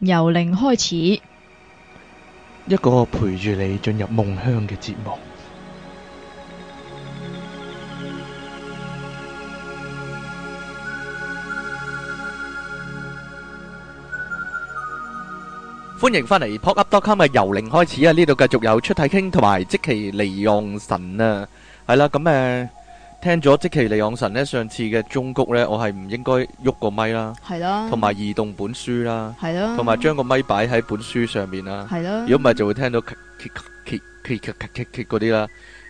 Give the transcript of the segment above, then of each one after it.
由零開始，一個陪住你進入夢鄉嘅節目。歡迎返嚟 pop up dot com 嘅由零開始啊！呢度繼續有出體傾同埋即其利用神啊，係啦咁誒。聽咗即其利昂神咧，上次嘅中谷咧，我係唔應該喐個咪啦，係啦，同埋移動本書啦，係咯，同埋將個咪擺喺本書上面啦，係咯，如果唔係就會聽到 kick kick kick kick kick kick 嗰啲啦，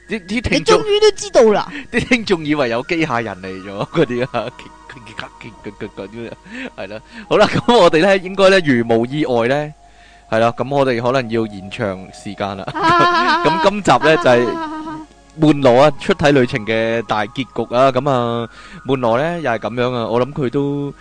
啲啲聽眾你終於都知道啦，啲聽眾以為有機械人嚟咗嗰啲啊，kick kick kick kick kick 係啦，好啦，咁我哋咧應該咧如無意外咧係啦，咁我哋可能要延長時間啦，咁今集咧就係。門羅啊，出體旅程嘅大結局啊，咁、嗯、啊，門羅呢又係咁樣啊，我諗佢都。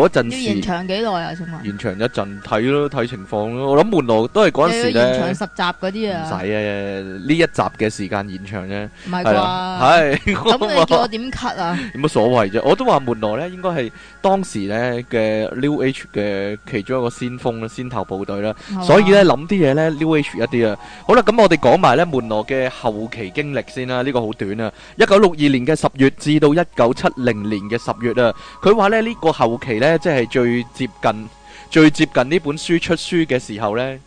要延長幾耐啊？請問延長一陣睇咯，睇情況咯。我諗門羅都係嗰陣時咧延長十集嗰啲啊，唔使啊，呢一集嘅時間延長啫，唔係啩？係咁你叫我點 cut 啊？有乜所謂啫？我都話門羅咧應該係當時咧嘅 New Age 嘅其中一個先鋒啦，先頭部隊啦，所以咧諗啲嘢咧 New Age 一啲啊。好啦，咁我哋講埋咧門羅嘅後期經歷先啦。呢個好短啊，一九六二年嘅十月至到一九七零年嘅十月啊，佢話咧呢個後期咧。即係最接近、最接近呢本書出書嘅時候咧。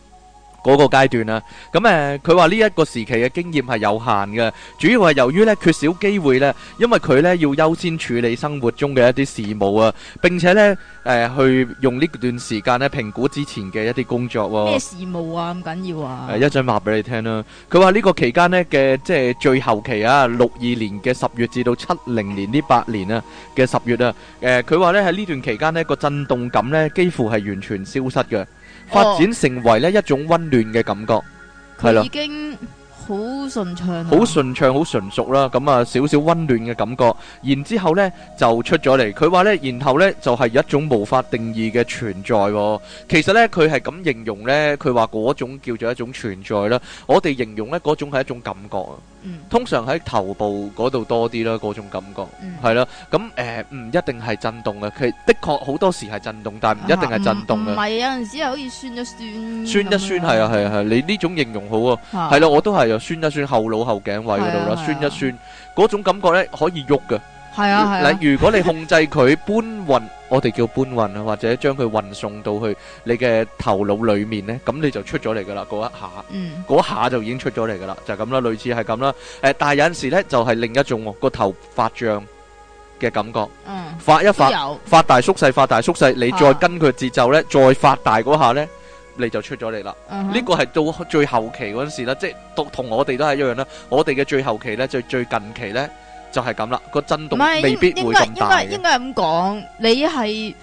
嗰個階段啊，咁、嗯、誒，佢話呢一個時期嘅經驗係有限嘅，主要係由於咧缺少機會咧，因為佢咧要優先處理生活中嘅一啲事務啊，並且咧誒、呃，去用呢段時間咧評估之前嘅一啲工作。啊。咩事務啊？咁緊要啊？啊一陣話俾你聽啦。佢話呢個期間呢嘅即係最後期啊，六二年嘅十月至到七零年呢八年啊嘅十月啊，誒、呃，佢話咧喺呢段期間呢個震動感呢幾乎係完全消失嘅。發展成為咧一種溫暖嘅感覺，係啦，已經好順暢，好順暢，好純熟啦。咁啊，少少溫暖嘅感覺，然之後咧就出咗嚟。佢話呢，然後呢就係一種無法定義嘅存在哦。其實呢，佢係咁形容呢，佢話嗰種叫做一種存在啦。我哋形容呢，嗰種係一種感覺。通常喺頭部嗰度多啲啦，嗰種感覺係啦，咁誒唔一定係震動嘅，其實的確好多時係震動，但係唔一定係震動嘅。唔係有陣時係可以酸一酸。酸一酸係啊係啊係，你呢種形容好啊，係啦、啊，我都係又酸一酸後腦後頸位嗰度啦，酸一酸嗰種感覺咧可以喐嘅。係啊，嗱，如果你控制佢搬運，我哋叫搬運啊，或者將佢運送到去你嘅頭腦裏面咧，咁你就出咗嚟噶啦，嗰一下，嗰下就已經出咗嚟噶啦，就咁啦，類似係咁啦，誒，但係有陣時咧就係另一種個頭發脹嘅感覺，發一發，發大縮細，發大縮細，你再跟佢節奏咧，再發大嗰下咧，你就出咗嚟啦，呢個係到最後期嗰陣時啦，即係同同我哋都係一樣啦，我哋嘅最後期咧，最最近期咧。就係咁啦，個震動未必會咁大嘅。應該應該應該係咁講，你係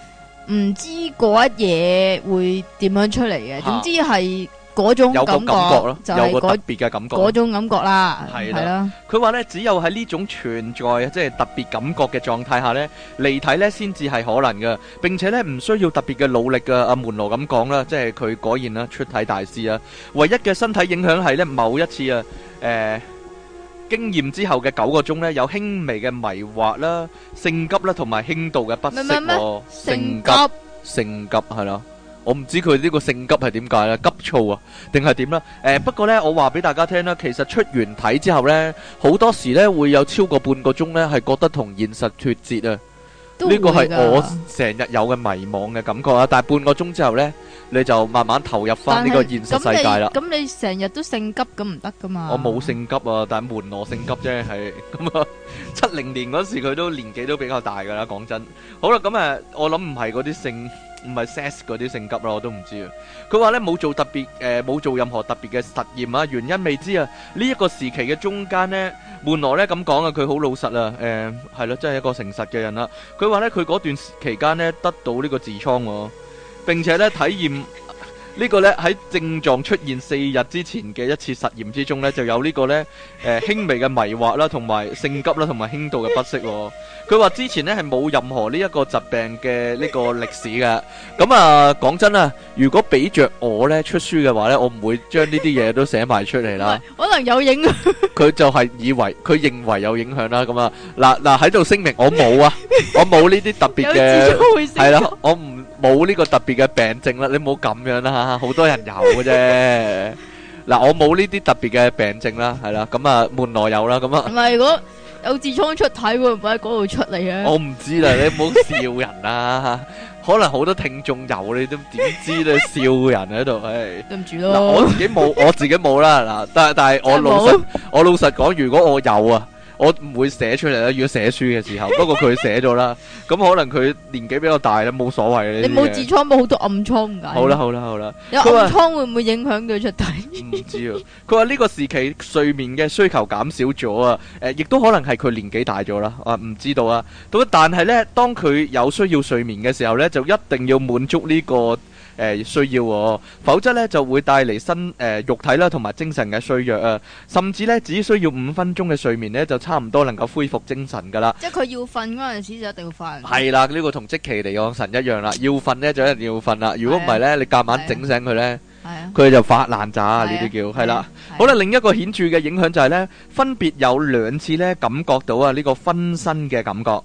唔知嗰一嘢會點樣出嚟嘅，總之係嗰種感覺咯，就係特別嘅感覺，嗰種感覺啦，係咯。佢話咧，只有喺呢種存在，即係特別感覺嘅狀態下咧，離體咧先至係可能噶，並且咧唔需要特別嘅努力噶。阿門羅咁講啦，即係佢果然啦，出體大師啊，唯一嘅身體影響係咧某一次啊，誒。經驗之後嘅九個鐘呢，有輕微嘅迷惑啦、性急啦，同埋輕度嘅不適咯。性急，性急，性急係咯，我唔知佢呢個性急係點解咧？急躁啊，定係點啦？誒、呃，不過呢，我話俾大家聽啦，其實出完體之後呢，好多時呢，會有超過半個鐘呢，係覺得同現實脫節啊。呢個係我成日有嘅迷惘嘅感覺啊！但係半個鐘之後呢，你就慢慢投入翻呢個現實世界啦。咁你成日都性急咁唔得噶嘛？我冇性急啊，但係門羅性急啫，係咁啊！七零年嗰時佢都年紀都比較大噶啦，講真。好啦，咁啊，我諗唔係嗰啲性，唔係 sex 嗰啲性急啦，我都唔知啊。佢話呢冇做特別誒，冇、呃、做任何特別嘅實驗啊，原因未知啊。呢、這、一個時期嘅中間呢。門羅咧咁講啊，佢好老實啊，誒係咯，真係一個誠實嘅人啦、啊。佢話咧，佢嗰段期間呢，得到呢個痔瘡，並且咧體驗。呢個呢，喺症狀出現四日之前嘅一次實驗之中呢，就有呢個呢，誒輕微嘅迷惑啦，同埋性急啦，同埋輕度嘅不適。佢話之前呢係冇任何呢一個疾病嘅呢個歷史嘅。咁啊，講真啊，如果俾著我呢，出書嘅話呢，我唔會將呢啲嘢都寫埋出嚟啦。可能有影響。佢就係以為佢認為有影響啦。咁啊，嗱嗱喺度聲明，我冇啊，我冇呢啲特別嘅。係啦，我唔。冇呢個特別嘅病症啦，你唔好咁樣啦吓，好多人有嘅啫。嗱，我冇呢啲特別嘅病症啦，係啦，咁啊門羅有啦，咁啊。唔係，如果有痔瘡出體會唔會喺嗰度出嚟啊？我唔知啦，你唔好笑人啦。可能好多聽眾有，你都點知你笑人喺度，誒，對唔住咯。我自己冇，我自己冇啦。嗱，但係但係我老實，我老實講，如果我有啊。我唔會寫出嚟，啦，如果寫書嘅時候。不過佢寫咗啦，咁 可能佢年紀比較大啦，冇所謂嘅。你冇痔瘡，冇好多暗瘡噶。好啦好啦好啦，有暗瘡說會唔會影響佢出體？唔 知啊。佢話呢個時期睡眠嘅需求減少咗啊，誒、呃，亦都可能係佢年紀大咗啦。啊，唔知道啊。咁但係呢，當佢有需要睡眠嘅時候呢，就一定要滿足呢、這個。誒、呃、需要，否則咧就會帶嚟身誒肉體啦，同埋精神嘅衰弱啊，甚至咧只需要五分鐘嘅睡眠咧，就差唔多能夠恢復精神噶啦。即係佢要瞓嗰陣時就一定要瞓、啊。係啦，呢、這個同即期離岸神一樣啦，要瞓咧就一定要瞓啦。如果唔係咧，你夾晚整醒佢咧，佢啦就發爛渣呢啲叫。係啦，啦好啦，另一個顯著嘅影響就係咧，分別有兩次咧感覺到啊呢個分身嘅感覺。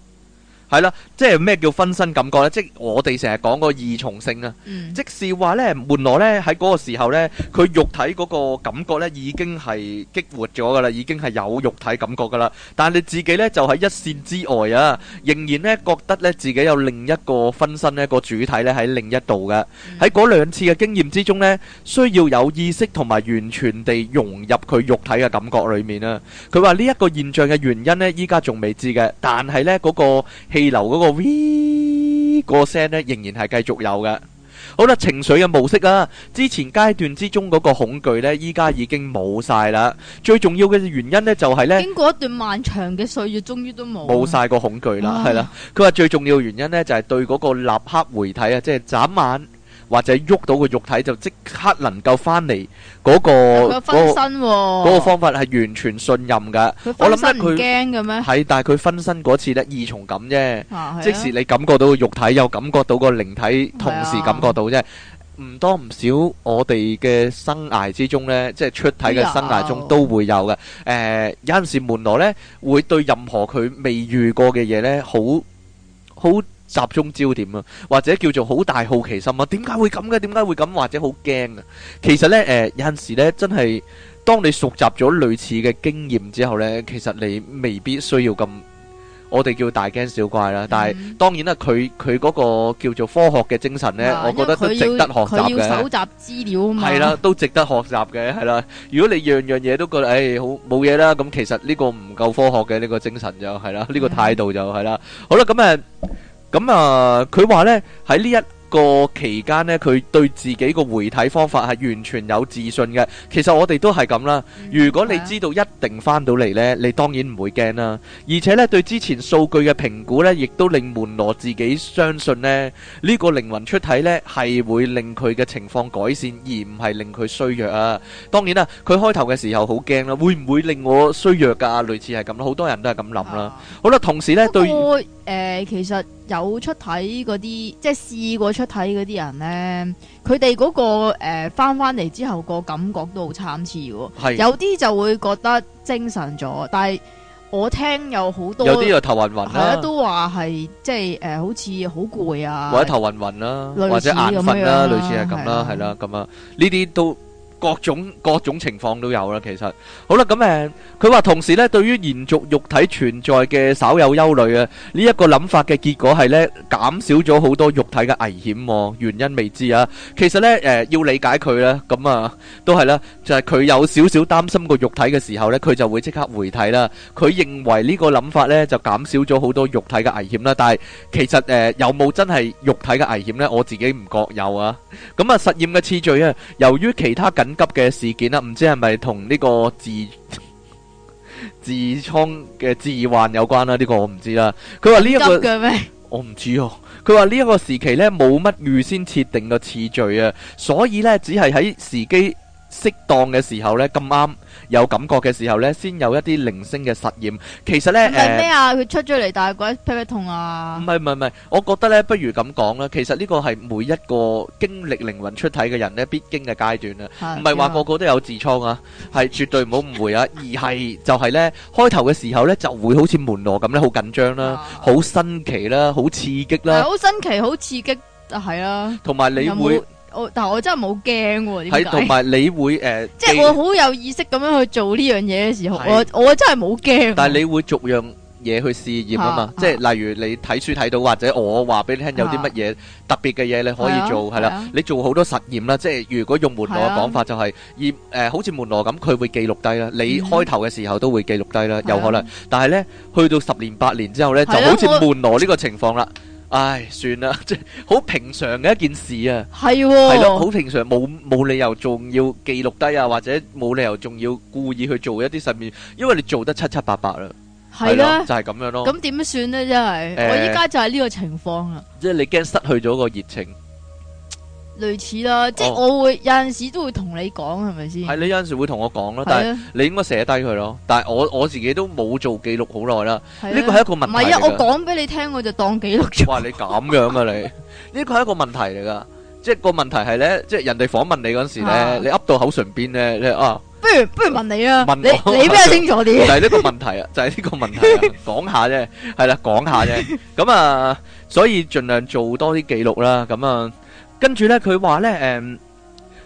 係啦，即係咩叫分身感覺咧？即係我哋成日講嗰個二重性啊，即是話咧，門羅咧喺嗰個時候咧，佢肉體嗰個感覺咧已經係激活咗噶啦，已經係有肉體感覺噶啦。但係你自己咧就喺一線之外啊，仍然咧覺得咧自己有另一個分身咧個主體咧喺另一度嘅。喺嗰兩次嘅經驗之中咧，需要有意識同埋完全地融入佢肉體嘅感覺裏面啊。佢話呢一個現象嘅原因咧，依家仲未知嘅，但係咧嗰個。氣流嗰個 V 個聲咧，仍然係繼續有嘅。好啦，情緒嘅模式啊，之前階段之中嗰個恐懼咧，依家已經冇晒。啦，最重要嘅原因咧，就係咧，經過一段漫長嘅歲月，終於都冇冇晒個恐懼啦，係啦。佢話最重要嘅原因咧，就係對嗰個立刻回體啊，即係眨眼。或者喐到個肉體就即刻能夠翻嚟嗰個分身嗰個方法係完全信任㗎。我諗咧，佢驚嘅咩？係，但係佢分身嗰次咧，二重感啫。即時你感覺到個肉體，又感覺到個靈體，同時感覺到啫。唔多唔少，我哋嘅生涯之中咧，即係出體嘅生涯中都會有嘅。誒有陣時門羅咧，會對任何佢未遇過嘅嘢咧，好好。集中焦點啊，或者叫做好大好奇心啊，點解會咁嘅？點解會咁？或者好驚啊？其實咧，誒有陣時咧，真係當你熟習咗類似嘅經驗之後咧，其實你未必需要咁，我哋叫大驚小怪啦。但係當然啦，佢佢嗰個叫做科學嘅精神咧，我覺得都值得學習嘅。佢要蒐集資料啊嘛。係啦，都值得學習嘅，係啦。如果你樣樣嘢都覺得誒好冇嘢啦，咁其實呢個唔夠科學嘅呢個精神就係啦，呢個態度就係啦。好啦，咁誒。咁啊，佢話咧，喺呢一個期間咧，佢對自己個回體方法係完全有自信嘅。其實我哋都係咁啦。如果你知道一定翻到嚟咧，你當然唔會驚啦。而且咧，對之前數據嘅評估咧，亦都令門羅自己相信咧，呢個靈魂出體咧係會令佢嘅情況改善，而唔係令佢衰弱啊。當然啦，佢開頭嘅時候好驚啦，會唔會令我衰弱噶？類似係咁啦，好多人都係咁諗啦。好啦，同時咧對。誒，其實有出體嗰啲，即係試過出體嗰啲人咧，佢哋嗰個誒翻翻嚟之後個感覺都好參差嘅。是的 有啲就會覺得精神咗，但係我聽有好多有啲又頭暈暈，係啦，嗯，都話係即係誒、呃，好似好攰啊，或者頭暈暈啦，類似 或者眼瞓啦，類似係咁啦，係啦咁啊，呢啲都。各種各種情況都有啦，其實好啦，咁誒，佢話同時咧，對於延續肉體存在嘅稍有憂慮啊，呢一個諗法嘅結果係咧，減少咗好多肉體嘅危險，原因未知啊。其實咧，誒要理解佢咧，咁啊都係啦，就係佢有少少擔心個肉體嘅時候咧，佢就會即刻回體啦。佢認為呢個諗法咧就減少咗好多肉體嘅危險啦，但係其實誒有冇真係肉體嘅危險咧？我自己唔覺有啊。咁啊，實驗嘅次序啊，由於其他緊。急嘅事件啦，唔知係咪同呢個痔自創嘅 自患有關啦、啊？呢、這個我唔知啦、啊。佢話呢一個我唔知哦、啊。佢話呢一個時期咧冇乜預先設定嘅次序啊，所以咧只係喺時機。適當嘅時候咧，咁啱有感覺嘅時候咧，先有一啲零星嘅實驗。其實咧，唔係咩啊？佢出咗嚟，但係覺得 pat pat 痛啊。唔係唔係唔係，我覺得咧，不如咁講啦。其實呢個係每一個經歷靈魂出體嘅人咧，必經嘅階段啦。唔係話個個都有痔瘡啊，係絕對唔好誤會啊。而係就係咧，開頭嘅時候咧，就會好似門羅咁咧，好緊張啦，好新奇啦，好刺激啦。好新奇，好刺激，係啊。同埋你會。但係我真係冇驚喎，點解？同埋你會誒，呃、即係我好有意識咁樣去做呢樣嘢嘅時候，是我我真係冇驚。但係你會逐樣嘢去試驗啊嘛，啊即係例如你睇書睇到，或者我話俾你聽有啲乜嘢特別嘅嘢你可以做，係啦、啊啊啊啊，你做好多實驗啦。即係如果用門羅嘅講法就係、是，而誒、啊呃，好似門羅咁，佢會記錄低啦。你開頭嘅時候都會記錄低啦，嗯、有可能。啊、但係呢，去到十年八年之後呢，就好似門羅呢個情況啦。唉，算啦，即係好平常嘅一件事啊，係喎、哦，係咯，好平常，冇冇理由仲要記錄低啊，或者冇理由仲要故意去做一啲實驗，因為你做得七七八八啦，係啦的，就係、是、咁樣咯。咁點算呢？真係，我依家就係呢個情況啊，即係、呃就是、你驚失去咗個熱情。類似啦，即係我會有陣時都會同你講，係咪先？係你有陣時會同我講咯，但係你應該寫低佢咯。但係我我自己都冇做記錄好耐啦。呢個係一個問題。唔係啊，我講俾你聽，我就當記錄。哇，你咁樣啊你？呢個係一個問題嚟噶，即係個問題係咧，即係人哋訪問你嗰陣時咧，你噏到口唇邊咧，你啊，不如不如問你啊，問你你比較清楚啲。就係呢個問題啊，就係呢個問題啊，講下啫，係啦，講下啫，咁啊，所以盡量做多啲記錄啦，咁啊。跟住呢，佢話呢，誒，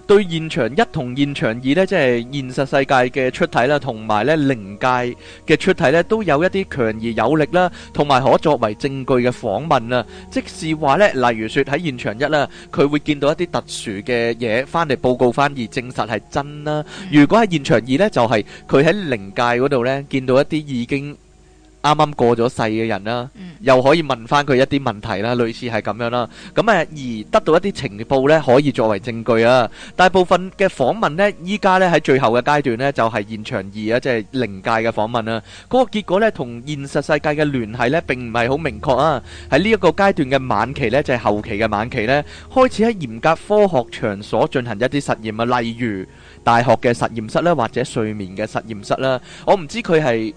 對現場一同現場二呢，即係現實世界嘅出體啦，同埋呢靈界嘅出體呢，都有一啲強而有力啦，同埋可作為證據嘅訪問啦。即是話呢，例如說喺現場一啦，佢會見到一啲特殊嘅嘢，翻嚟報告翻，而證實係真啦。如果喺現場二呢，就係佢喺靈界嗰度呢，見到一啲已經，啱啱過咗世嘅人啦，又可以問翻佢一啲問題啦，類似係咁樣啦。咁啊，而得到一啲情報呢，可以作為證據啊。大部分嘅訪問呢，依家呢喺最後嘅階段呢，就係現場二啊，即係靈界嘅訪問啊。嗰個結果呢，同現實世界嘅聯繫呢，並唔係好明確啊。喺呢一個階段嘅晚期呢，就係後期嘅晚期呢，開始喺嚴格科學場所進行一啲實驗啊，例如大學嘅實驗室啦，或者睡眠嘅實驗室啦。我唔知佢係。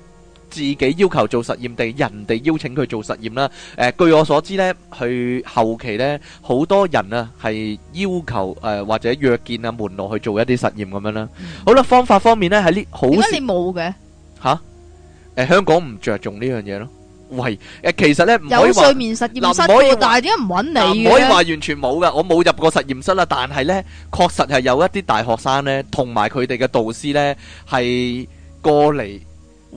自己要求做實驗定人哋邀請佢做實驗啦？誒，據我所知咧，去後期咧，好多人啊係要求誒或者約見啊門羅去做一啲實驗咁樣啦。好啦，方法方面咧喺呢好。點解你冇嘅？吓？誒，香港唔着重呢樣嘢咯？喂，誒，其實咧唔可以話。有睡眠實驗室。唔可以，但係點解唔揾你？唔可以話完全冇噶，我冇入過實驗室啦。但係咧，確實係有一啲大學生咧，同埋佢哋嘅導師咧係過嚟。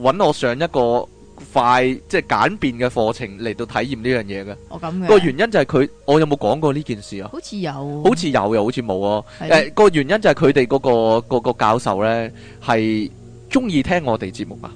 揾我上一個快即係簡便嘅課程嚟到體驗呢樣嘢嘅。哦，咁嘅個原因就係佢，我有冇講過呢件事啊？好似有，好似有又好似冇咯。誒的、個、呃、原因就係佢哋嗰個、嗰個嗰個教授呢係中意聽我哋節目啊，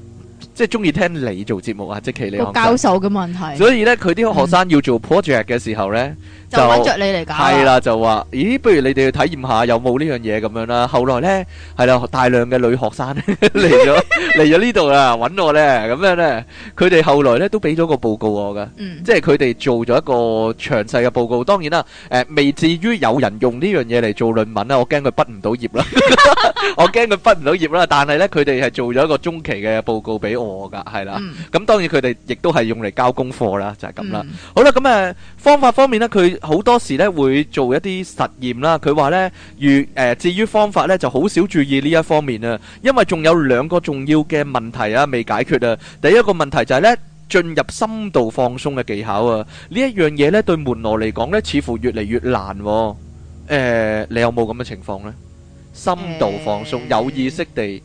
即係中意聽你做節目啊，即係佢呢教授嘅問題。所以呢，佢啲學生要做 project 嘅時候呢。嗯就搵著你嚟搞，係啦就話，咦，不如你哋去體驗下有冇呢樣嘢咁樣啦。後來咧，係啦大量嘅女學生嚟咗嚟咗呢度啦，搵我咧，咁樣咧，佢哋後來咧都俾咗個報告我噶，即係佢哋做咗一個詳細嘅報告。當然啦，誒未至於有人用呢樣嘢嚟做論文啦，我驚佢畢唔到業啦，我驚佢畢唔到業啦。但係咧，佢哋係做咗一個中期嘅報告俾我噶，係啦。咁當然佢哋亦都係用嚟交功課啦，就係咁啦。好啦，咁誒方法方面咧，佢。好多時咧會做一啲實驗啦，佢話咧，如誒至於方法咧就好少注意呢一方面啊，因為仲有兩個重要嘅問題啊未解決啊。第一個問題就係咧進入深度放鬆嘅技巧啊，呢一樣嘢咧對門羅嚟講咧似乎越嚟越難。誒，你有冇咁嘅情況咧？深度放鬆，有意識地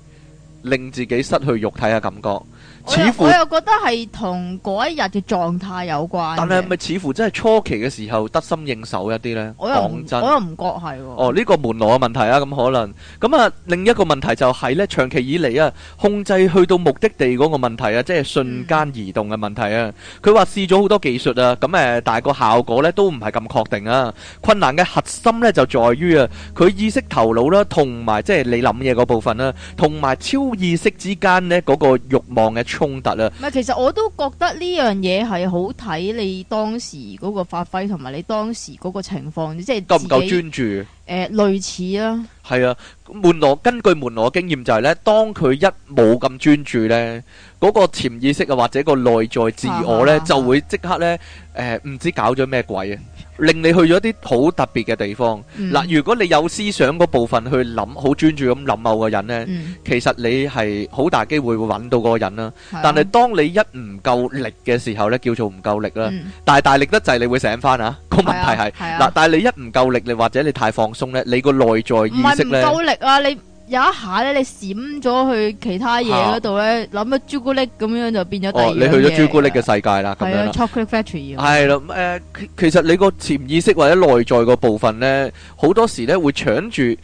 令自己失去肉體嘅感覺。似乎，我又覺得係同嗰一日嘅狀態有關，但係咪似乎真係初期嘅時候得心應手一啲咧？講真，我又唔覺係喎。哦，呢個門羅嘅問題啊，咁可能。咁啊，另一個問題就係咧，長期以嚟啊，控制去到目的地嗰個問題啊，即係瞬間移動嘅問題啊。佢話試咗好多技術啊，咁誒，但係個效果咧都唔係咁確定啊。困難嘅核心咧就在於啊，佢意識頭腦啦，同埋即係你諗嘢嗰部分啦，同埋超意識之間咧嗰個慾望嘅。衝突啦！唔係，其實我都覺得呢樣嘢係好睇你當時嗰個發揮同埋你當時嗰個情況，即係夠唔夠專注？誒，類似啦。係啊，門羅根據門羅經驗就係咧，當佢一冇咁專注咧，嗰個潛意識啊或者個內在自我咧，就會即刻咧誒，唔知搞咗咩鬼啊！令你去咗啲好特別嘅地方，嗱、嗯，如果你有思想嗰部分去諗，好專注咁諗某個人呢，嗯、其實你係好大機會會揾到嗰個人啦。啊、但係當你一唔夠力嘅時候呢，叫做唔夠力啦。嗯、但係大力得滯，你會醒翻啊！個問題係嗱、啊啊，但係你一唔夠力，你或者你太放鬆呢，你個內在意識呢。唔係唔夠力啊！你。有一下咧，你閃咗去其他嘢嗰度咧，諗咗朱古力咁樣，就變咗第二樣嘢。哦，你去咗朱古力嘅世界啦，係啊，Chocolate Factory。係啦，誒，其實你個潛意識或者內在個部分咧，好多時咧會搶住，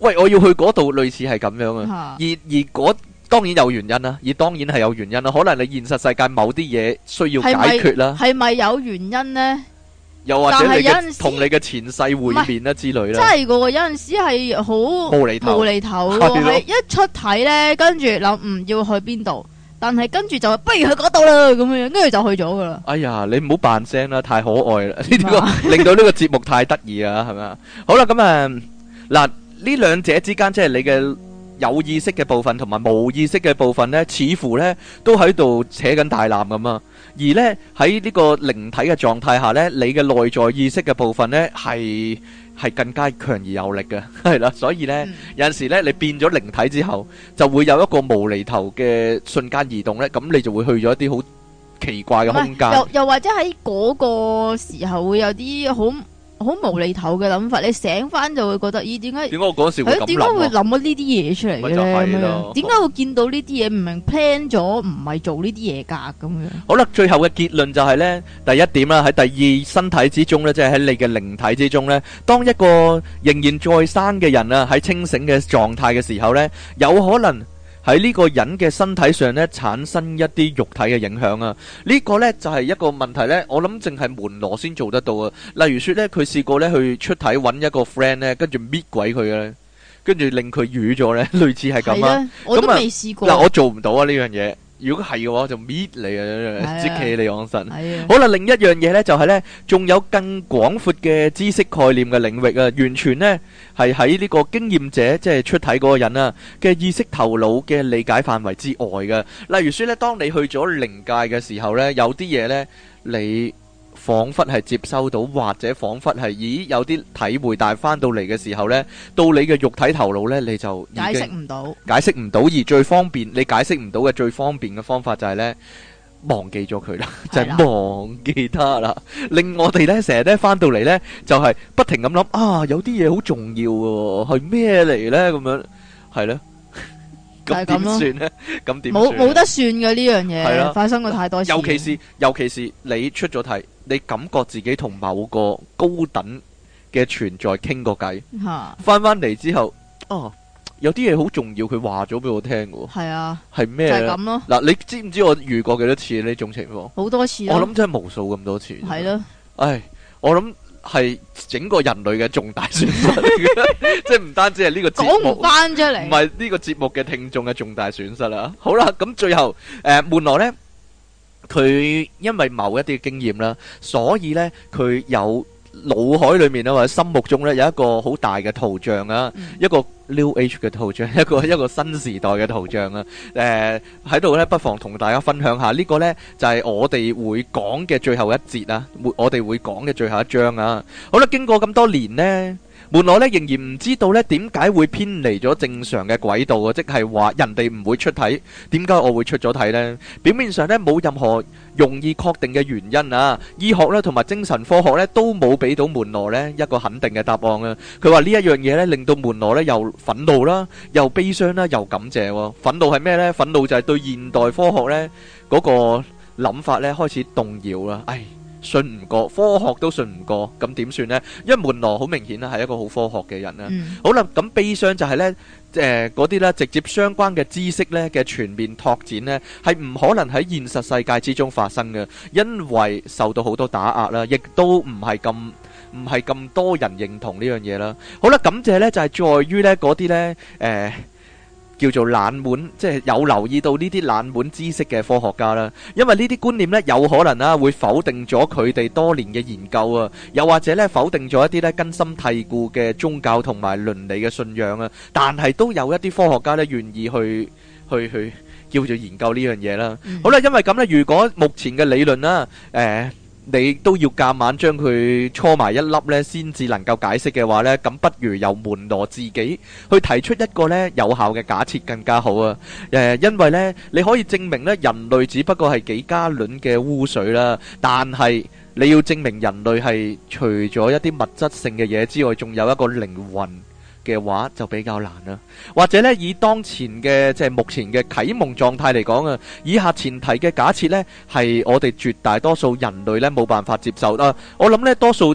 喂，我要去嗰度，類似係咁樣啊。而而嗰當然有原因啦，而當然係有原因啦，可能你現實世界某啲嘢需要解決啦，係咪有原因咧？又或者有陣時同你嘅前世會面啦之類啦，真係喎！有陣時係好無厘頭，無厘頭喎，係一出體咧，跟住諗唔要去邊度，但係跟住就不如去嗰度啦咁樣，跟住就去咗噶啦。哎呀，你唔好扮聲啦，太可愛啦！呢個、啊、 令到呢個節目太得意啊，係咪啊？好啦，咁啊嗱，呢兩者之間即係你嘅。有意識嘅部分同埋無意識嘅部分咧，似乎咧都喺度扯緊大纜咁啊！而咧喺呢個靈體嘅狀態下咧，你嘅內在意識嘅部分咧，係係更加強而有力嘅，係啦。所以咧有陣時咧，你變咗靈體之後，就會有一個無厘頭嘅瞬間移動咧，咁你就會去咗一啲好奇怪嘅空間，又又或者喺嗰個時候會有啲好。好無厘頭嘅諗法，你醒返就會覺得咦，點解？點解我嗰時會咁諗？係咯，點解會諗咗呢啲嘢出嚟嘅咧？點解我見到呢啲嘢唔明 plan 咗，唔係做呢啲嘢㗎咁樣？好啦，最後嘅結論就係咧，第一點啦，喺第二身體之中咧，即係喺你嘅靈體之中咧，當一個仍然在生嘅人啊，喺清醒嘅狀態嘅時候咧，有可能。喺呢個人嘅身體上咧產生一啲肉體嘅影響啊！呢個呢就係一個問題呢。我諗淨係門羅先做得到啊！例如説呢，佢試過呢去出體揾一個 friend 呢，跟住搣鬼佢咧，跟住令佢瘀咗呢，類似係咁啊！我都未試過，嗱、嗯呃、我做唔到啊呢樣嘢。如果係嘅話，我就搣你啊，即旗你安神。啊、好啦，另一樣嘢咧，就係、是、咧，仲有更廣闊嘅知識概念嘅領域啊，完全呢，係喺呢個經驗者即係出體嗰個人啊嘅意識頭腦嘅理解範圍之外嘅。例如，説咧，當你去咗靈界嘅時候咧，有啲嘢咧你。彷彿係接收到，或者彷彿係，咦有啲體會，但係翻到嚟嘅時候咧，到你嘅肉體頭腦咧，你就解釋唔到，解釋唔到，而最方便你解釋唔到嘅最方便嘅方法就係咧，忘記咗佢啦，就係忘記他啦，令我哋咧成日咧翻到嚟咧，就係不停咁諗啊，有啲嘢好重要嘅，係咩嚟咧？咁樣係咧，咁點算咧？咁點冇冇得算嘅呢樣嘢？發生過太多次，尤其是尤其是你出咗體，你感覺自己同某個高等嘅存在傾過偈，翻翻嚟之後，哦，有啲嘢好重要，佢話咗俾我聽嘅喎。係啊，係咩就係咁咯。嗱，你知唔知我遇過幾多次呢種情況？好多次啦。我諗真係無數咁多次。係咯、啊。唉，我諗係整個人類嘅重大損失， 即係唔單止係呢個節目。講唔翻出嚟。唔係呢個節目嘅聽眾嘅重大損失啦。好啦，咁最後，誒、呃，門羅咧。佢因為某一啲經驗啦，所以咧佢有腦海裏面啦，或者心目中咧有一個好大嘅圖像啊，一個 New Age 嘅圖像，一個一個新時代嘅圖像啊。誒喺度咧，不妨同大家分享下呢個咧，就係我哋會講嘅最後一節啊，我我哋會講嘅最後一章啊。好啦，經過咁多年咧。門羅咧仍然唔知道咧點解會偏離咗正常嘅軌道啊。即係話人哋唔會出體，點解我會出咗體呢？表面上咧冇任何容易確定嘅原因啊。醫學咧同埋精神科學咧都冇俾到門羅咧一個肯定嘅答案啊。佢話呢一樣嘢咧令到門羅咧又憤怒啦，又悲傷啦，又感謝哦。憤怒係咩呢？憤怒就係對現代科學咧嗰個諗法咧開始動搖啦。哎。信唔過，科學都信唔過，咁點算呢？因為門羅好明顯啦，係一個好科學嘅人啦。嗯、好啦，咁悲傷就係呢誒嗰啲呢直接相關嘅知識呢嘅全面拓展呢，係唔可能喺現實世界之中發生嘅，因為受到好多打壓啦，亦都唔係咁唔係咁多人認同呢樣嘢啦。好啦，感謝呢就係、是、在於呢嗰啲呢。誒、呃。叫做冷門，即係有留意到呢啲冷門知識嘅科學家啦。因為呢啲觀念呢，有可能啦，會否定咗佢哋多年嘅研究啊，又或者呢否定咗一啲呢根深蒂固嘅宗教同埋倫理嘅信仰啊。但係都有一啲科學家呢願意去去去叫做研究呢樣嘢啦。好啦，因為咁呢，如果目前嘅理論啦，誒。你都要夾硬將佢搓埋一粒咧，先至能夠解釋嘅話咧，咁不如由門羅自己去提出一個咧有效嘅假設更加好啊！誒，因為咧你可以證明咧人類只不過係幾加侖嘅污水啦，但係你要證明人類係除咗一啲物質性嘅嘢之外，仲有一個靈魂。嘅話就比較難啦，或者咧以當前嘅，即係目前嘅啟蒙狀態嚟講啊，以下前提嘅假設呢，係我哋絕大多數人類呢冇辦法接受啦，呃，我諗呢多數。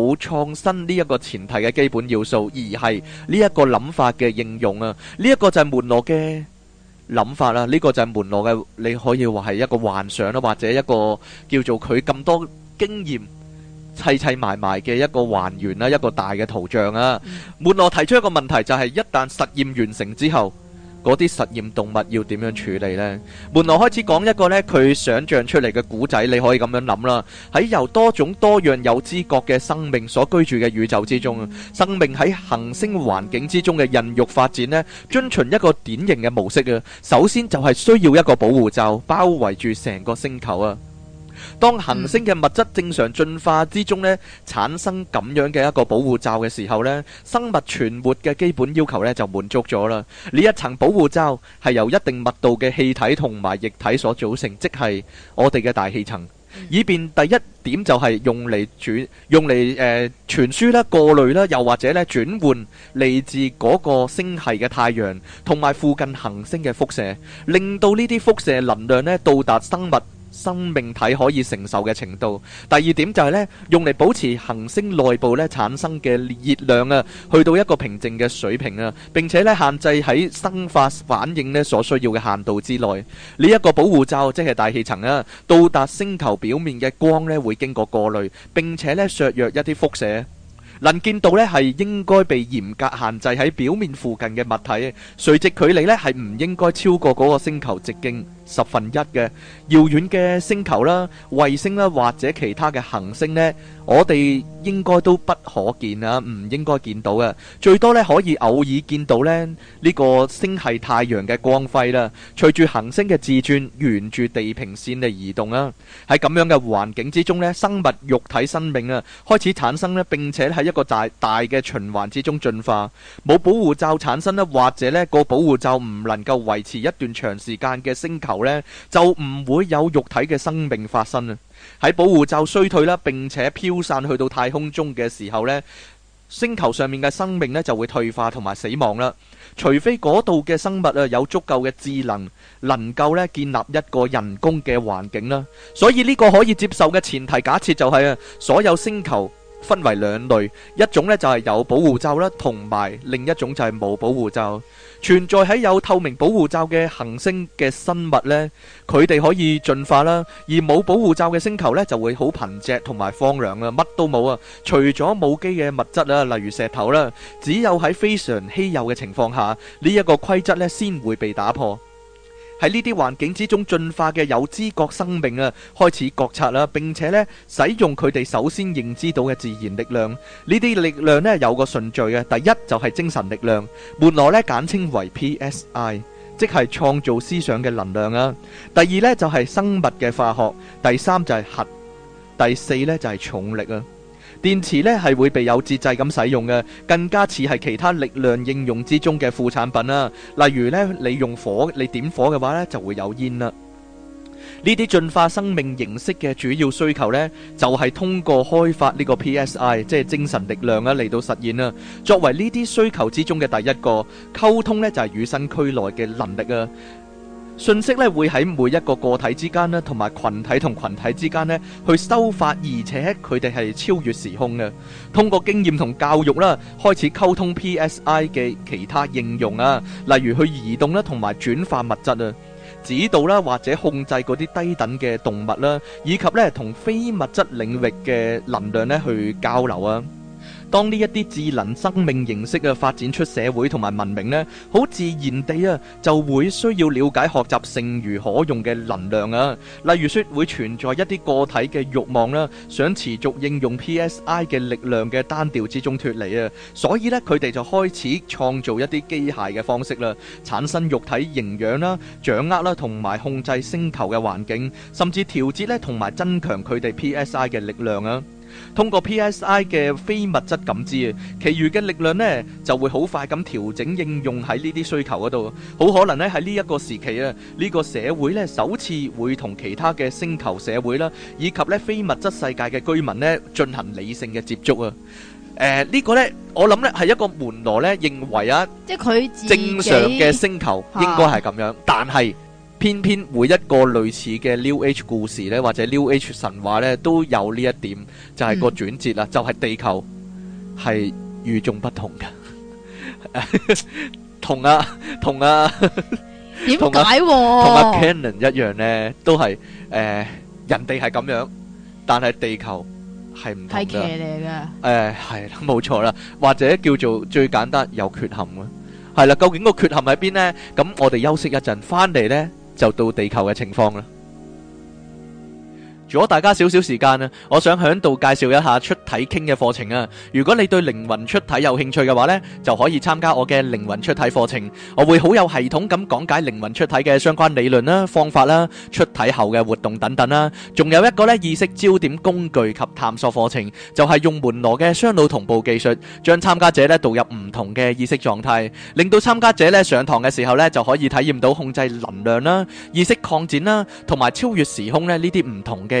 冇創新呢一個前提嘅基本要素，而係呢一個諗法嘅應用啊！呢、這、一個就係門羅嘅諗法啦，呢、這個就係門羅嘅你可以話係一個幻想啦，或者一個叫做佢咁多經驗砌砌埋埋嘅一個還原啦，一個大嘅圖像啊！嗯、門羅提出一個問題，就係、是、一旦實驗完成之後。嗰啲實驗動物要點樣處理呢？門羅開始講一個咧，佢想象出嚟嘅古仔，你可以咁樣諗啦。喺由多種多樣有知覺嘅生命所居住嘅宇宙之中啊，生命喺行星環境之中嘅孕育發展咧，遵循一個典型嘅模式啊。首先就係需要一個保護罩包圍住成個星球啊。當行星嘅物質正常進化之中咧，產生咁樣嘅一個保護罩嘅時候咧，生物存活嘅基本要求咧就滿足咗啦。呢一層保護罩係由一定密度嘅氣體同埋液體所組成，即係我哋嘅大氣層，以便第一點就係用嚟轉、用嚟誒傳輸啦、過濾啦，又或者咧轉換嚟自嗰個星系嘅太陽同埋附近行星嘅輻射，令到呢啲輻射能量咧到達生物。生命體可以承受嘅程度。第二點就係咧，用嚟保持行星內部咧產生嘅熱量啊，去到一個平靜嘅水平啊，並且咧限制喺生化反應咧所需要嘅限度之內。呢一個保護罩即係大氣層啊，到達星球表面嘅光咧會經過過濾並且咧削弱一啲輻射。能見到呢係應該被嚴格限制喺表面附近嘅物體，垂直距離呢係唔應該超過嗰個星球直徑十分一嘅。遙遠嘅星球啦、衛星啦或者其他嘅行星呢，我哋應該都不可見啊，唔應該見到啊。最多呢，可以偶爾見到呢呢個星系太陽嘅光輝啦。隨住行星嘅自轉，沿住地平線嚟移動啊。喺咁樣嘅環境之中呢，生物肉體生命啊開始產生呢，並且喺一個大大嘅循環之中進化。冇保護罩產生呢，或者呢個保護罩唔能夠維持一段長時間嘅星球呢，就唔會有肉體嘅生命發生啊。喺保護罩衰退啦，並且飄散去到太空中嘅時候呢，星球上面嘅生命呢就會退化同埋死亡啦。除非嗰度嘅生物啊有足夠嘅智能，能夠呢建立一個人工嘅環境啦。所以呢個可以接受嘅前提假設就係啊，所有星球，分為兩類，一種呢就係有保護罩啦，同埋另一種就係冇保護罩。存在喺有透明保護罩嘅行星嘅生物呢，佢哋可以進化啦，而冇保護罩嘅星球呢就會好貧瘠同埋荒涼啊，乜都冇啊，除咗無機嘅物質啦，例如石頭啦，只有喺非常稀有嘅情況下，呢一個規則呢先會被打破。喺呢啲環境之中進化嘅有知覺生命啊，開始覺察啦，並且咧使用佢哋首先認知到嘅自然力量。呢啲力量咧有個順序嘅，第一就係精神力量，門羅咧簡稱為 PSI，即係創造思想嘅能量啊。第二咧就係生物嘅化學，第三就係核，第四咧就係重力啊。電池咧係會被有節制咁使用嘅，更加似係其他力量應用之中嘅副產品啦。例如咧，你用火，你點火嘅話咧，就會有煙啦。呢啲進化生命形式嘅主要需求咧，就係通過開發呢個 PSI，即係精神力量啊，嚟到實現啦。作為呢啲需求之中嘅第一個溝通咧，就係與生俱來嘅能力啊。信息咧會喺每一個個體之間咧，同埋群體同群體之間咧去收發，而且佢哋係超越時空嘅。通過經驗同教育啦，開始溝通 PSI 嘅其他應用啊，例如去移動啦，同埋轉化物質啊，指導啦或者控制嗰啲低等嘅動物啦，以及咧同非物質領域嘅能量咧去交流啊。當呢一啲智能生命形式啊發展出社會同埋文明呢，好自然地啊就會需要了解學習剩餘可用嘅能量啊。例如說，會存在一啲個體嘅欲望啦，想持續應用 PSI 嘅力量嘅單調之中脫離啊。所以咧，佢哋就開始創造一啲機械嘅方式啦，產生肉體營養啦、掌握啦同埋控制星球嘅環境，甚至調節咧同埋增強佢哋 PSI 嘅力量啊。通過 PSI 嘅非物質感知啊，其餘嘅力量咧就會好快咁調整應用喺呢啲需求嗰度，好可能咧喺呢一個時期啊，呢個社會咧首次會同其他嘅星球社會啦，以及咧非物質世界嘅居民咧進行理性嘅接觸啊。誒，呢個咧我諗咧係一個門羅咧認為啊，即係佢正常嘅星球應該係咁樣，但係。偏偏每一個類似嘅 New Age 故事咧，或者 New Age 神話咧，都有呢一點，就係個轉折啦，就係地球係與眾不同嘅，同啊同啊，點解同啊 Canon 一樣咧？都係誒，人哋係咁樣，但係地球係唔同嘅，係騎呢嘅，誒係啦，冇錯啦，或者叫做最簡單有缺陷啦，係啦，究竟個缺陷喺邊咧？咁我哋休息一陣，翻嚟咧，就到地球嘅情況啦。如果大家少少時間啊，我想喺度介紹一下出體傾嘅課程啊！如果你對靈魂出體有興趣嘅話咧，就可以參加我嘅靈魂出體課程。我會好有系統咁講解靈魂出體嘅相關理論啦、方法啦、出體後嘅活動等等啦。仲有一個咧意識焦點工具及探索課程，就係用門羅嘅雙腦同步技術，將參加者咧導入唔同嘅意識狀態，令到參加者咧上堂嘅時候咧就可以體驗到控制能量啦、意識擴展啦，同埋超越時空咧呢啲唔同嘅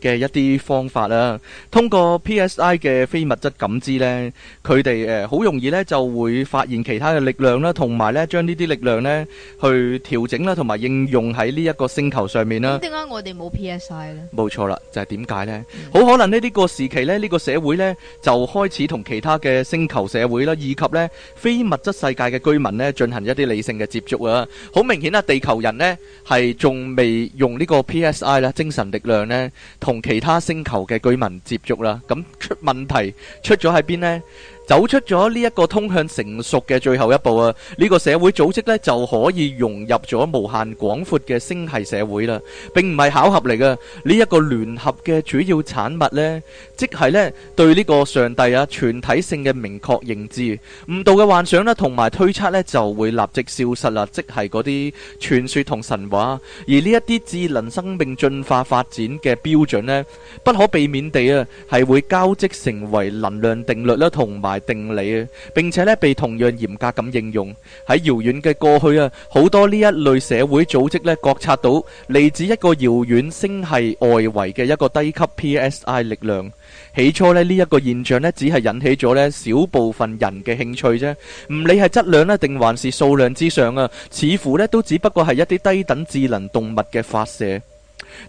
嘅一啲方法啦，通過 PSI 嘅非物質感知咧，佢哋誒好容易咧就會發現其他嘅力量啦，同埋咧將呢啲力量咧去調整啦，同埋應用喺呢一個星球上面啦。咁點解我哋冇 PSI 咧？冇錯啦，就係點解咧？好可能呢呢個時期咧，呢個社會咧就開始同其他嘅星球社會啦，以及咧非物質世界嘅居民咧進行一啲理性嘅接觸啊。好明顯啊，地球人咧係仲未用呢個 PSI 啦，精神力量咧。同其他星球嘅居民接觸啦，咁出問題出咗喺邊咧？走出咗呢一個通向成熟嘅最後一步啊！呢個社會組織呢就可以融入咗無限廣闊嘅星系社會啦。並唔係巧合嚟嘅，呢一個聯合嘅主要產物呢，即係呢對呢個上帝啊全體性嘅明確認知，誤導嘅幻想呢，同埋推測呢就會立即消失啦。即係嗰啲傳說同神話，而呢一啲智能生命進化發展嘅標準呢，不可避免地啊係會交織成為能量定律啦，同埋，定理啊，並且咧被同樣嚴格咁應用喺遙遠嘅過去啊，好多呢一類社會組織咧，覺察到嚟自一個遙遠星系外圍嘅一個低級 PSI 力量。起初咧，呢一個現象咧，只係引起咗咧少部分人嘅興趣啫。唔理係質量咧，定還是數量之上啊，似乎咧都只不過係一啲低等智能動物嘅發射。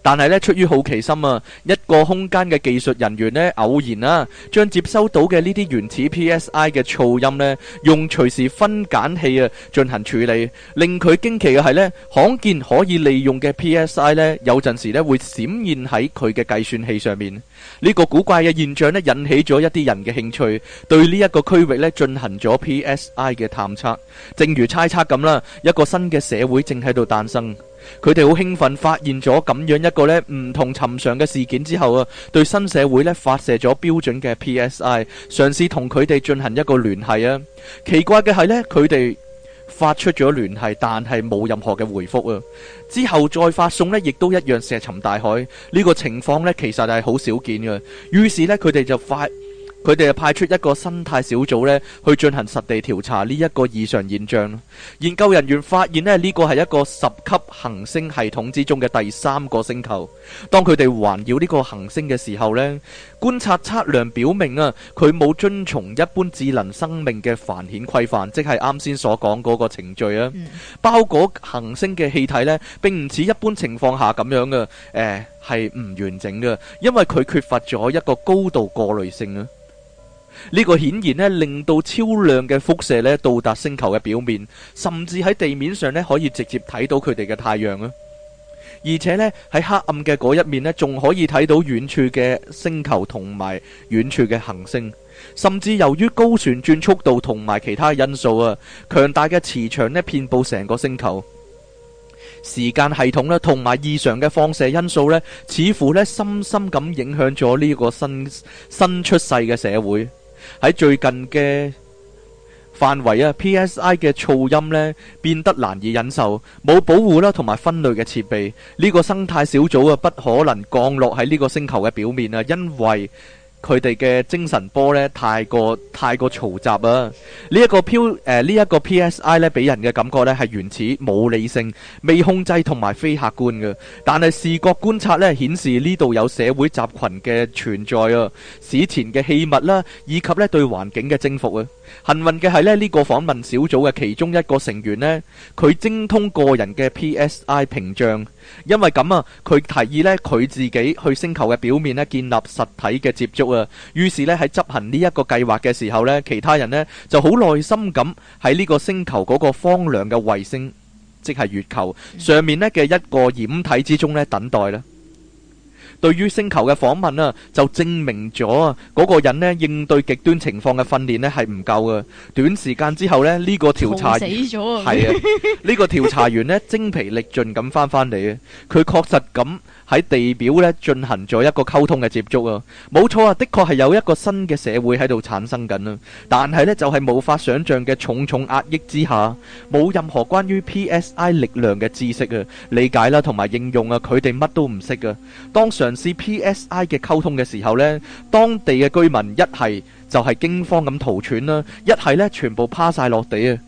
但係咧，出於好奇心啊，一個空間嘅技術人員呢，偶然啦、啊，將接收到嘅呢啲原始 PSI 嘅噪音呢，用隨時分揀器啊進行處理，令佢驚奇嘅係呢，罕見可以利用嘅 PSI 呢，有陣時呢會閃現喺佢嘅計算器上面。呢、這個古怪嘅現象呢，引起咗一啲人嘅興趣，對呢一個區域呢進行咗 PSI 嘅探測。正如猜測咁啦，一個新嘅社會正喺度誕生。佢哋好興奮，發現咗咁樣一個咧，唔同尋常嘅事件之後啊，對新社會咧，發射咗標準嘅 PSI，嘗試同佢哋進行一個聯繫啊。奇怪嘅係咧，佢哋發出咗聯繫，但係冇任何嘅回覆啊。之後再發送咧，亦都一樣石沉大海。呢個情況咧，其實係好少見嘅。於是呢，佢哋就發。佢哋派出一個生態小組咧，去進行實地調查呢一個異常現象。研究人員發現咧，呢個係一個十級行星系統之中嘅第三個星球。當佢哋環繞呢個行星嘅時候呢，觀察測量表明啊，佢冇遵從一般智能生命嘅繁衍規範，即係啱先所講嗰個程序啊。包裹行星嘅氣體呢，並唔似一般情況下咁樣嘅啊，誒係唔完整嘅，因為佢缺乏咗一個高度過濾性啊。個顯呢個顯然咧，令到超量嘅輻射咧到達星球嘅表面，甚至喺地面上咧可以直接睇到佢哋嘅太陽啊！而且咧喺黑暗嘅嗰一面咧，仲可以睇到遠處嘅星球同埋遠處嘅行星，甚至由於高旋轉速度同埋其他因素啊，強大嘅磁場咧遍布成個星球，時間系統咧同埋異常嘅放射因素咧，似乎咧深深咁影響咗呢個新新出世嘅社會。喺最近嘅範圍啊，PSI 嘅噪音呢變得難以忍受，冇保護啦同埋分類嘅設備，呢個生態小組啊不可能降落喺呢個星球嘅表面啊，因為，佢哋嘅精神波呢，太過太過嘈雜啊！這個漂呃這個、呢一個 PSI 咧，俾人嘅感覺咧係原始、冇理性、未控制同埋非客觀嘅。但係視覺觀察咧，顯示呢度有社會集群嘅存在啊！史前嘅器物啦，以及咧對環境嘅征服啊！幸運嘅係咧，呢個訪問小組嘅其中一個成員呢，佢精通個人嘅 PSI 屏障，因為咁啊，佢提議呢，佢自己去星球嘅表面咧建立實體嘅接觸啊。於是呢，喺執行呢一個計劃嘅時候呢，其他人呢就好耐心咁喺呢個星球嗰個荒涼嘅衛星，即係月球上面咧嘅一個掩體之中呢等待啦。對於星球嘅訪問啊，就證明咗啊，嗰個人咧應對極端情況嘅訓練咧係唔夠嘅。短時間之後咧，呢、這個調查係死 啊，呢、這個調查員咧精疲力盡咁翻返嚟嘅，佢確實咁。喺地表咧進行咗一個溝通嘅接觸啊，冇錯啊，的確係有一個新嘅社會喺度產生緊啊。但係呢，就係、是、無法想像嘅重重壓抑之下，冇任何關於 PSI 力量嘅知識啊、理解啦同埋應用啊，佢哋乜都唔識啊。當嘗試 PSI 嘅溝通嘅時候呢，當地嘅居民一係就係驚慌咁逃竄啦、啊，一係呢，全部趴晒落地啊，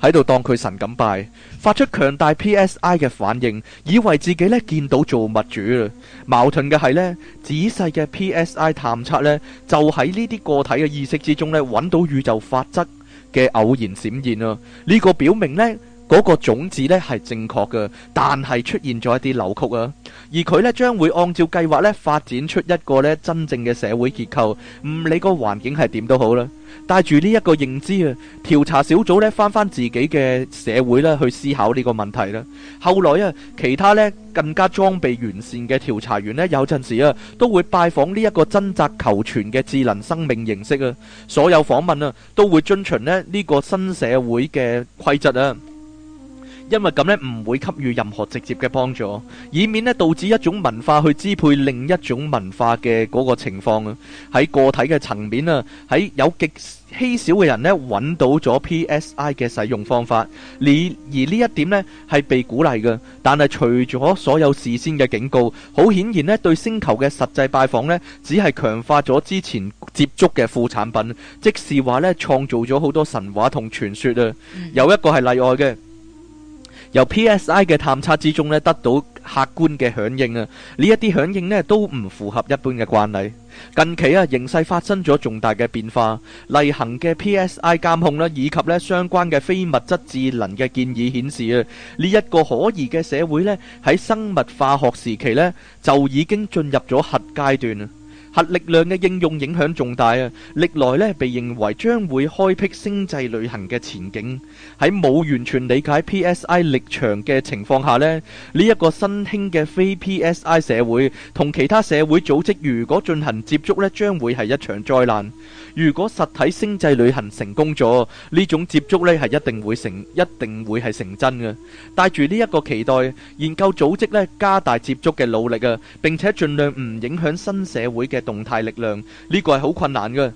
喺度當佢神咁拜。發出強大 PSI 嘅反應，以為自己咧見到造物主。矛盾嘅係呢，仔細嘅 PSI 探測呢，就喺呢啲個體嘅意識之中咧，揾到宇宙法則嘅偶然閃現啊！呢、這個表明呢。嗰個種子咧係正確嘅，但係出現咗一啲扭曲啊。而佢咧將會按照計劃咧發展出一個咧真正嘅社會結構，唔理個環境係點都好啦。帶住呢一個認知啊，調查小組咧翻翻自己嘅社會咧，去思考呢個問題啦。後來啊，其他咧更加裝備完善嘅調查員呢，有陣時啊都會拜訪呢一個掙扎求存嘅智能生命形式啊。所有訪問啊，都會遵循呢呢個新社會嘅規則啊。因為咁呢，唔會給予任何直接嘅幫助，以免呢導致一種文化去支配另一種文化嘅嗰個情況啊。喺個體嘅層面啊，喺有極稀少嘅人呢搵到咗 PSI 嘅使用方法，而而呢一點呢，係被鼓勵嘅。但係除咗所有事先嘅警告，好顯然呢對星球嘅實際拜訪呢，只係強化咗之前接觸嘅副產品，即是話呢創造咗好多神話同傳說啊。有一個係例外嘅。由 PSI 嘅探測之中咧得到客觀嘅響應啊，呢一啲響應咧都唔符合一般嘅慣例。近期啊，形勢發生咗重大嘅變化，例行嘅 PSI 監控啦，以及咧相關嘅非物質智能嘅建議顯示啊，呢、這、一個可疑嘅社會咧喺生物化學時期咧就已經進入咗核階段。核力量嘅應用影響重大啊！歷來咧被認為將會開闢星際旅行嘅前景。喺冇完全理解 PSI 力場嘅情況下咧，呢一個新興嘅非 PSI 社會同其他社會組織如果進行接觸咧，將會係一場災難。如果實體星際旅行成功咗，呢種接觸咧係一定會成，一定會係成真嘅。帶住呢一個期待，研究組織咧加大接觸嘅努力啊，並且盡量唔影響新社會嘅，動態力量呢個係好困難噶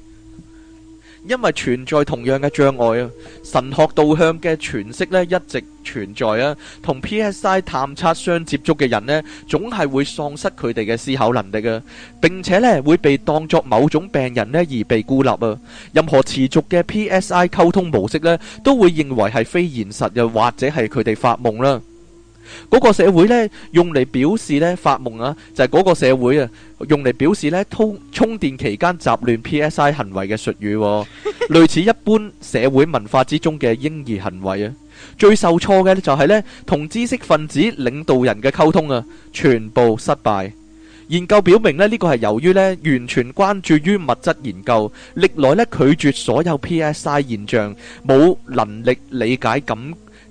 因為存在同樣嘅障礙啊。神學導向嘅詮釋咧一直存在啊，同 PSI 探測相接觸嘅人咧總係會喪失佢哋嘅思考能力啊，並且咧會被當作某種病人咧而被孤立啊。任何持續嘅 PSI 溝通模式咧都會認為係非現實，又或者係佢哋發夢啦。嗰個社會呢，用嚟表示呢發夢啊，就係嗰個社會啊，用嚟表示呢充充電期間雜亂 PSI 行為嘅術語，類似一般社會文化之中嘅嬰兒行為啊。最受挫嘅呢就係呢，同知識分子領導人嘅溝通啊，全部失敗。研究表明呢，呢個係由於呢完全關注於物質研究，歷來呢拒絕所有 PSI 現象，冇能力理解感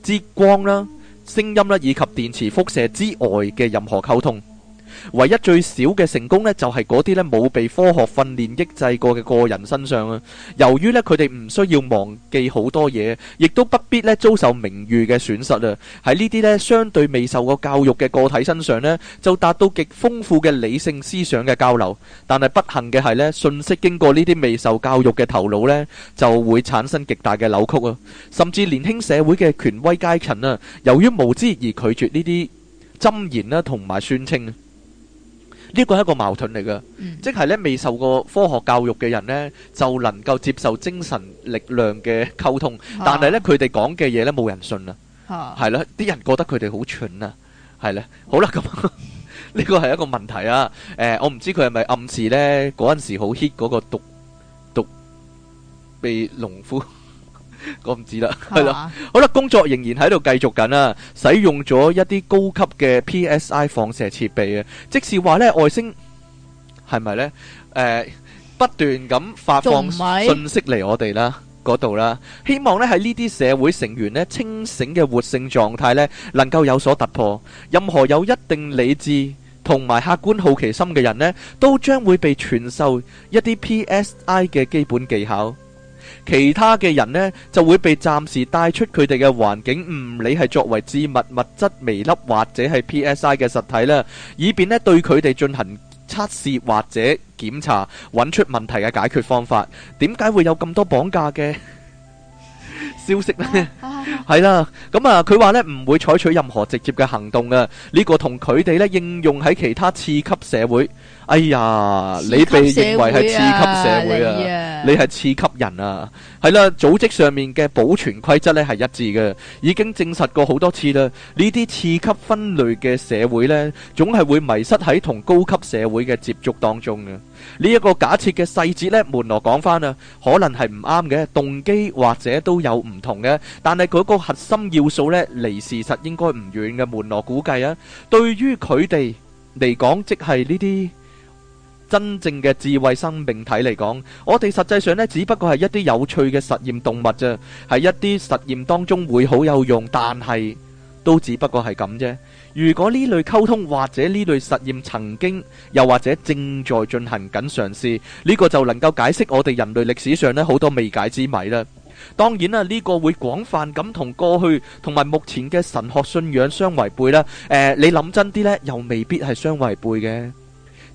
知光啦。聲音啦，以及電磁輻射之外嘅任何溝通。唯一最少嘅成功呢，就係嗰啲咧冇被科學訓練抑制過嘅個人身上啊。由於咧佢哋唔需要忘記好多嘢，亦都不必咧遭受名譽嘅損失啊。喺呢啲咧相對未受過教育嘅個體身上呢，就達到極豐富嘅理性思想嘅交流。但係不幸嘅係呢，信息經過呢啲未受教育嘅頭腦呢就會產生極大嘅扭曲啊。甚至年輕社會嘅權威階層啊，由於無知而拒絕呢啲針言啦，同埋宣稱。呢個係一個矛盾嚟㗎，即係呢未受過科學教育嘅人呢，就能夠接受精神力量嘅溝通，但係呢佢哋講嘅嘢呢，冇人信啊，係咯，啲人覺得佢哋好蠢啊，係喇，好啦咁，呢個係一個問題啊，誒，我唔知佢係咪暗示呢嗰陣時好 hit 嗰個毒毒被農夫。我唔知啦，係啦、啊，好啦，工作仍然喺度繼續緊啦，使用咗一啲高級嘅 PSI 放射設備啊，即是話呢外星係咪呢，誒、呃，不斷咁發放信息嚟我哋啦，嗰度啦，希望呢喺呢啲社會成員呢清醒嘅活性狀態呢，能夠有所突破。任何有一定理智同埋客觀好奇心嘅人呢，都將會被傳授一啲 PSI 嘅基本技巧。其他嘅人呢，就會被暫時帶出佢哋嘅環境，唔理係作為緻密物質微粒或者係 PSI 嘅實體啦，以便呢對佢哋進行測試或者檢查，揾出問題嘅解決方法。點解會有咁多綁架嘅 消息呢？係啦，咁、嗯、啊，佢話呢唔會採取任何直接嘅行動啊。這個、呢個同佢哋呢應用喺其，其他次級社會。哎呀，你被認為係次級社會啊，你係、啊、次級人啊，係啦，組織上面嘅保存規則呢係一致嘅，已經證實過好多次啦。呢啲次級分類嘅社會呢，總係會迷失喺同高級社會嘅接觸當中嘅。呢、這、一個假設嘅細節呢，門羅講翻啊，可能係唔啱嘅，動機或者都有唔同嘅，但係嗰個核心要素呢，離事實應該唔遠嘅。門羅估計啊，對於佢哋嚟講，即係呢啲。真正嘅智慧生命體嚟講，我哋實際上呢只不過係一啲有趣嘅實驗動物啫，喺一啲實驗當中會好有用，但係都只不過係咁啫。如果呢類溝通或者呢類實驗曾經，又或者正在進行緊嘗試，呢個就能夠解釋我哋人類歷史上呢好多未解之謎啦。當然啦，呢個會廣泛咁同過去同埋目前嘅神學信仰相違背啦。誒，你諗真啲呢，又未必係相違背嘅。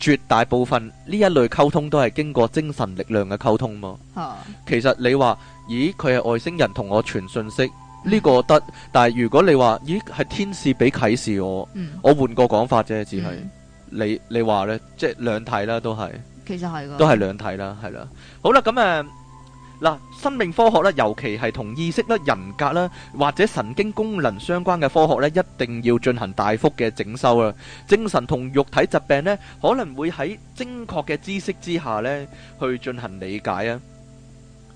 絕大部分呢一類溝通都係經過精神力量嘅溝通嘛。啊、其實你話：咦，佢係外星人同我傳信息，呢個得。嗯、但係如果你話：咦，係天使俾啟示我，嗯、我換個講法啫，只係、嗯、你你話呢，即係兩體啦，都係。其實係都係兩體啦，係啦。好啦，咁誒。Uh, 嗱，生命科學咧，尤其係同意識啦、人格啦或者神經功能相關嘅科學咧，一定要進行大幅嘅整修啊！精神同肉體疾病咧，可能會喺精確嘅知識之下咧，去進行理解啊，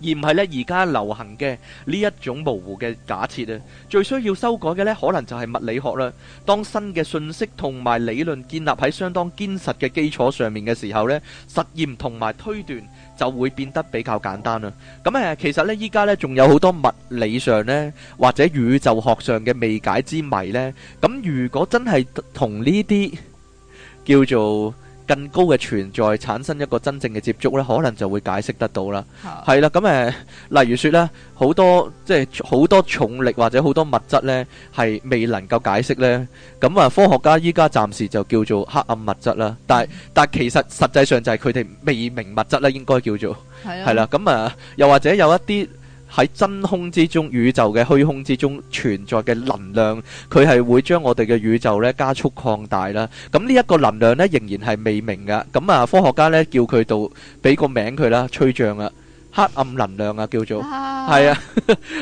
而唔係咧而家流行嘅呢一種模糊嘅假設啊！最需要修改嘅咧，可能就係物理學啦。當新嘅信息同埋理論建立喺相當堅實嘅基礎上面嘅時候咧，實驗同埋推斷，就會變得比較簡單啦。咁誒，其實呢，依家呢仲有好多物理上呢，或者宇宙學上嘅未解之謎呢。咁如果真係同呢啲叫做，更高嘅存在產生一個真正嘅接觸呢，可能就會解釋得到啦。係啦，咁 誒、呃，例如説呢，好多即係好多重力或者好多物質呢係未能夠解釋呢。咁啊，科學家依家暫時就叫做黑暗物質啦。但係但係其實實際上就係佢哋未明物質咧，應該叫做係啦。咁啊 的、呃，又或者有一啲。喺真空之中，宇宙嘅虛空之中存在嘅能量，佢係會將我哋嘅宇宙咧加速擴大啦。咁呢一個能量咧仍然係未明噶。咁啊，科學家咧叫佢度俾個名佢啦，吹脹啊，黑暗能量啊，叫做係啊，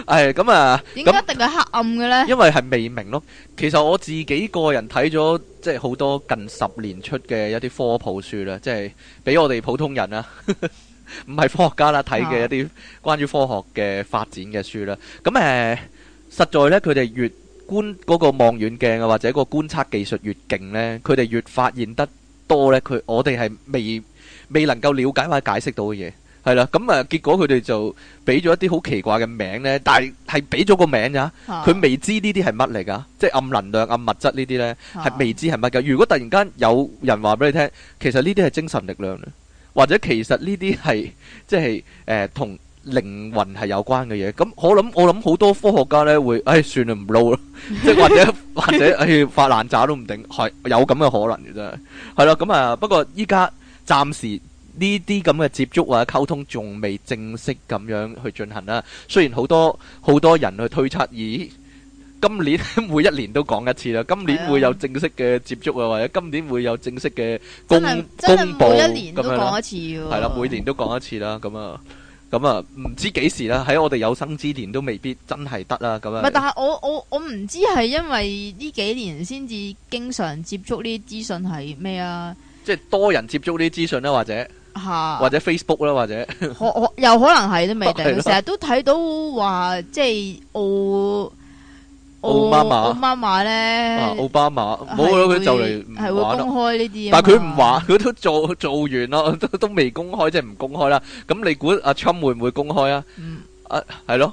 係咁啊。點解一定係黑暗嘅咧？因為係未明咯。其實我自己個人睇咗即係好多近十年出嘅一啲科普書啦，即係俾我哋普通人啊。唔係科學家啦，睇嘅一啲關於科學嘅發展嘅書啦。咁誒、呃，實在呢，佢哋越觀嗰、那個望遠鏡啊，或者個觀察技術越勁呢，佢哋越發現得多呢。佢我哋係未未能夠了解或解釋到嘅嘢，係啦。咁、嗯、啊，結果佢哋就俾咗一啲好奇怪嘅名呢，但係係俾咗個名咋？佢、啊、未知呢啲係乜嚟噶？即係暗能量、暗物質呢啲呢，係未知係乜噶？如果突然間有人話俾你聽，其實呢啲係精神力量或者其實呢啲係即係誒同靈魂係有關嘅嘢，咁我諗我諗好多科學家呢會，誒、哎、算啦唔撈啦，即或者或者誒、哎、發爛渣都唔定，係有咁嘅可能嘅啫。係，係咯咁啊。不過依家暫時呢啲咁嘅接觸或者溝通仲未正式咁樣去進行啦。雖然好多好多人去推測，咦？今年每一年都講一次啦，今年會有正式嘅接觸啊，或者今年會有正式嘅真係公公布咁樣啦。係啦，每年都講一次啦，咁啊，咁啊，唔知幾時啦，喺我哋有生之年都未必真係得啦，咁啊。唔係，但係我我我唔知係因為呢幾年先至經常接觸呢啲資訊係咩啊？即係多人接觸呢啲資訊啦，或者吓、啊啊，或者 Facebook 啦，或者我我又可能係都未定，成日都睇到話即係澳。我奧巴馬，奧巴馬咧，啊，奧巴馬，冇咯，佢就嚟唔玩啦。但係佢唔話，佢都做做完啦，都都未公開，即係唔公開啦。咁你估阿春會唔會公開啊？嗯、啊，係咯。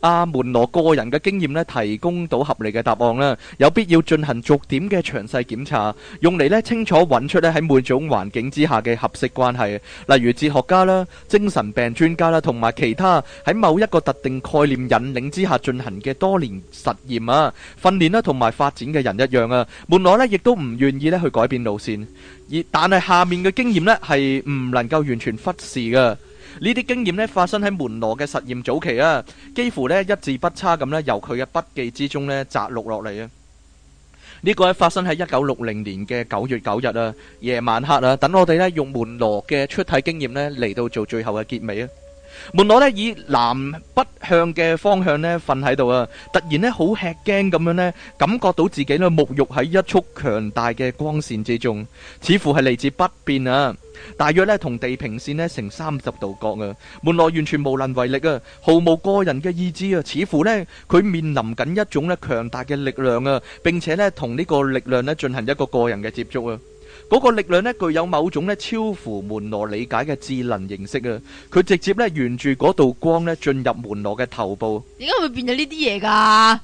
阿、啊、門羅個人嘅經驗咧，提供到合理嘅答案啦，有必要進行逐點嘅詳細檢查，用嚟，咧清楚揾出咧喺每種環境之下嘅合適關係，例如哲學家啦、精神病專家啦，同埋其他喺某一個特定概念引領之下進行嘅多年實驗啊、訓練啦，同埋發展嘅人一樣啊。門羅咧亦都唔願意咧去改變路線，而但係下面嘅經驗咧係唔能夠完全忽視嘅。驗呢啲經驗咧發生喺門羅嘅實驗早期啊，幾乎咧一字不差咁咧由佢嘅筆記之中咧摘錄落嚟啊。這個、呢個呢發生喺一九六零年嘅九月九日啊，夜晚黑啊，等我哋咧用門羅嘅出體經驗咧嚟到做最後嘅結尾啊。門羅咧以南北向嘅方向咧瞓喺度啊，突然呢好吃驚咁樣呢，感覺到自己咧沐浴喺一束強大嘅光線之中，似乎係嚟自北邊啊。大約咧同地平線咧成三十度角啊，門羅完全無能為力啊，毫無個人嘅意志啊，似乎咧佢面臨緊一種咧強大嘅力量啊，並且咧同呢個力量咧進行一個個人嘅接觸啊，嗰個力量咧具有某種咧超乎門羅理解嘅智能形式啊，佢直接咧沿住嗰道光咧進入門羅嘅頭部。點解會變咗呢啲嘢㗎？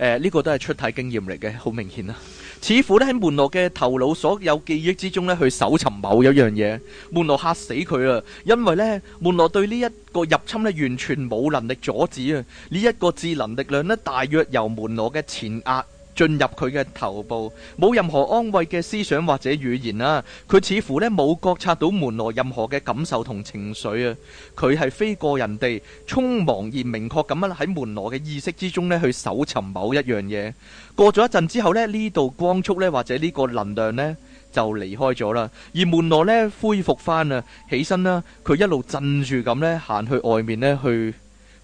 誒，呢個都係出體經驗嚟嘅，好明顯啊。似乎咧喺門羅嘅頭腦所有記憶之中咧去搜尋某一樣嘢，門羅嚇死佢啊！因為咧門羅對呢一個入侵咧完全冇能力阻止啊！呢一個智能力量咧大約由門羅嘅前額。進入佢嘅頭部，冇任何安慰嘅思想或者語言啊。佢似乎咧冇覺察到門羅任何嘅感受同情緒啊。佢係飛過人哋，匆忙而明確咁樣喺門羅嘅意識之中咧去搜尋某一樣嘢。過咗一陣之後咧，呢度光速咧或者呢個能量咧就離開咗啦。而門羅咧恢復翻啊，起身啦，佢一路震住咁咧行去外面咧去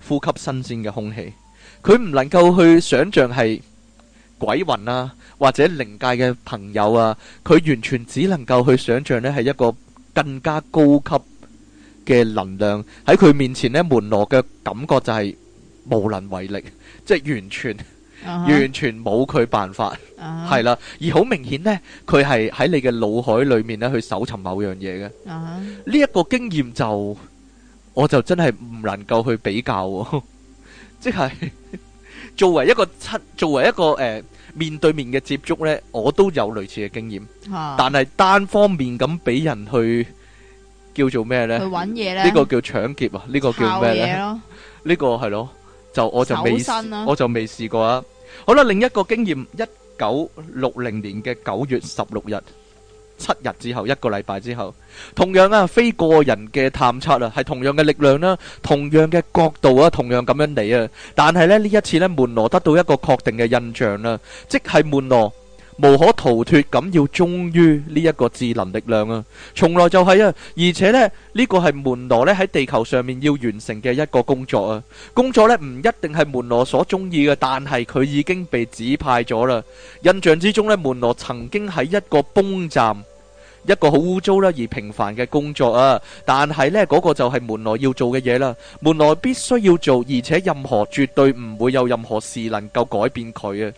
呼吸新鮮嘅空氣。佢唔能夠去想象係。鬼魂啊，或者靈界嘅朋友啊，佢完全只能夠去想象呢，係一個更加高級嘅能量喺佢面前呢，門羅嘅感覺就係無能為力，即係完全完全冇佢辦法，係啦。而好明顯呢，佢係喺你嘅腦海裏面呢去搜尋某樣嘢嘅。呢一個經驗就，我就真係唔能夠去比較，即係。作為一個七，作為一個誒、呃、面對面嘅接觸呢，我都有類似嘅經驗，啊、但係單方面咁俾人去叫做咩呢？去揾嘢呢個叫搶劫啊！呢、呢個叫咩咧？呢、呢個係咯，就我就未、啊、我就未試過啊！好啦，另一個經驗，一九六零年嘅九月十六日。七日之後，一個禮拜之後，同樣啊，非個人嘅探測啊，係同樣嘅力量啦、啊，同樣嘅角度啊，同樣咁樣嚟啊，但係咧呢一次咧，門羅得到一個確定嘅印象啦、啊，即係門羅。無可逃脱咁，要忠於呢一個智能力量啊，從來就係啊，而且呢，呢個係門羅咧喺地球上面要完成嘅一個工作啊，工作呢唔一定係門羅所中意嘅，但係佢已經被指派咗啦。印象之中呢，門羅曾經喺一個崩站，一個好污糟啦而平凡嘅工作啊，但係呢，嗰個就係門羅要做嘅嘢啦，門羅必須要做，而且任何絕對唔會有任何事能夠改變佢啊。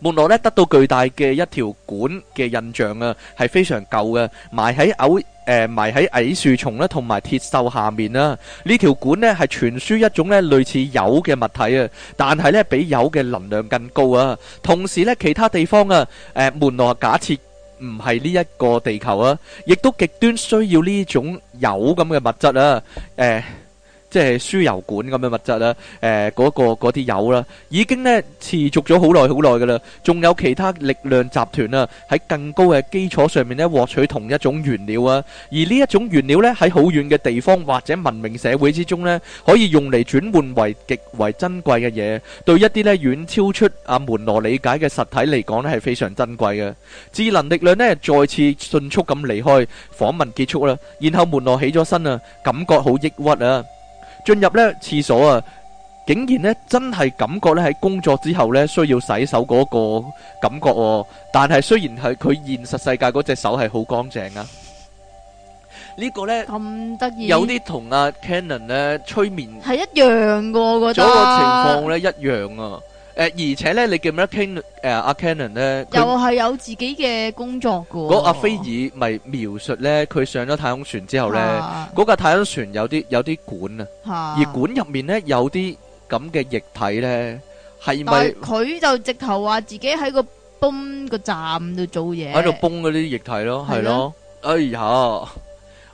門羅咧得到巨大嘅一條管嘅印象啊，係非常舊嘅，埋喺、呃、矮誒埋喺矮樹叢咧同埋鐵鏽下面啦。條呢條管咧係傳輸一種咧類似油嘅物體啊，但係咧比油嘅能量更高啊。同時咧其他地方啊，誒、呃、門羅假設唔係呢一個地球啊，亦都極端需要呢種油咁嘅物質啊，誒、呃。即係輸油管咁嘅物質啦，誒，嗰個嗰啲油啦，已經呢持續咗好耐好耐噶啦。仲有其他力量集團啊，喺更高嘅基礎上面呢獲取同一種原料啊。而呢一種原料呢喺好遠嘅地方或者文明社會之中呢，可以用嚟轉換為極為珍貴嘅嘢。對一啲呢遠超出阿門羅理解嘅實體嚟講呢，係非常珍貴嘅智能力量呢，再次迅速咁離開，訪問結束啦。然後門羅起咗身啊，感覺好抑鬱啊。進入呢廁所啊，竟然呢真係感覺呢喺工作之後呢需要洗手嗰個感覺，但係雖然係佢現實世界嗰隻手係好乾淨啊，呢個呢咁得意，有啲同阿 Canon 呢催眠係一樣噶，我覺得。嗰個情況呢一樣啊。誒，而且咧，你叫咩？King 誒，阿 Canon 咧，又係有自己嘅工作嘅。嗰阿菲爾咪描述咧，佢上咗太空船之後咧，嗰架太空船有啲有啲管啊，而管入面咧有啲咁嘅液體咧，係咪？佢就直頭話自己喺個泵個站度做嘢，喺度泵嗰啲液體咯，係咯，哎呀～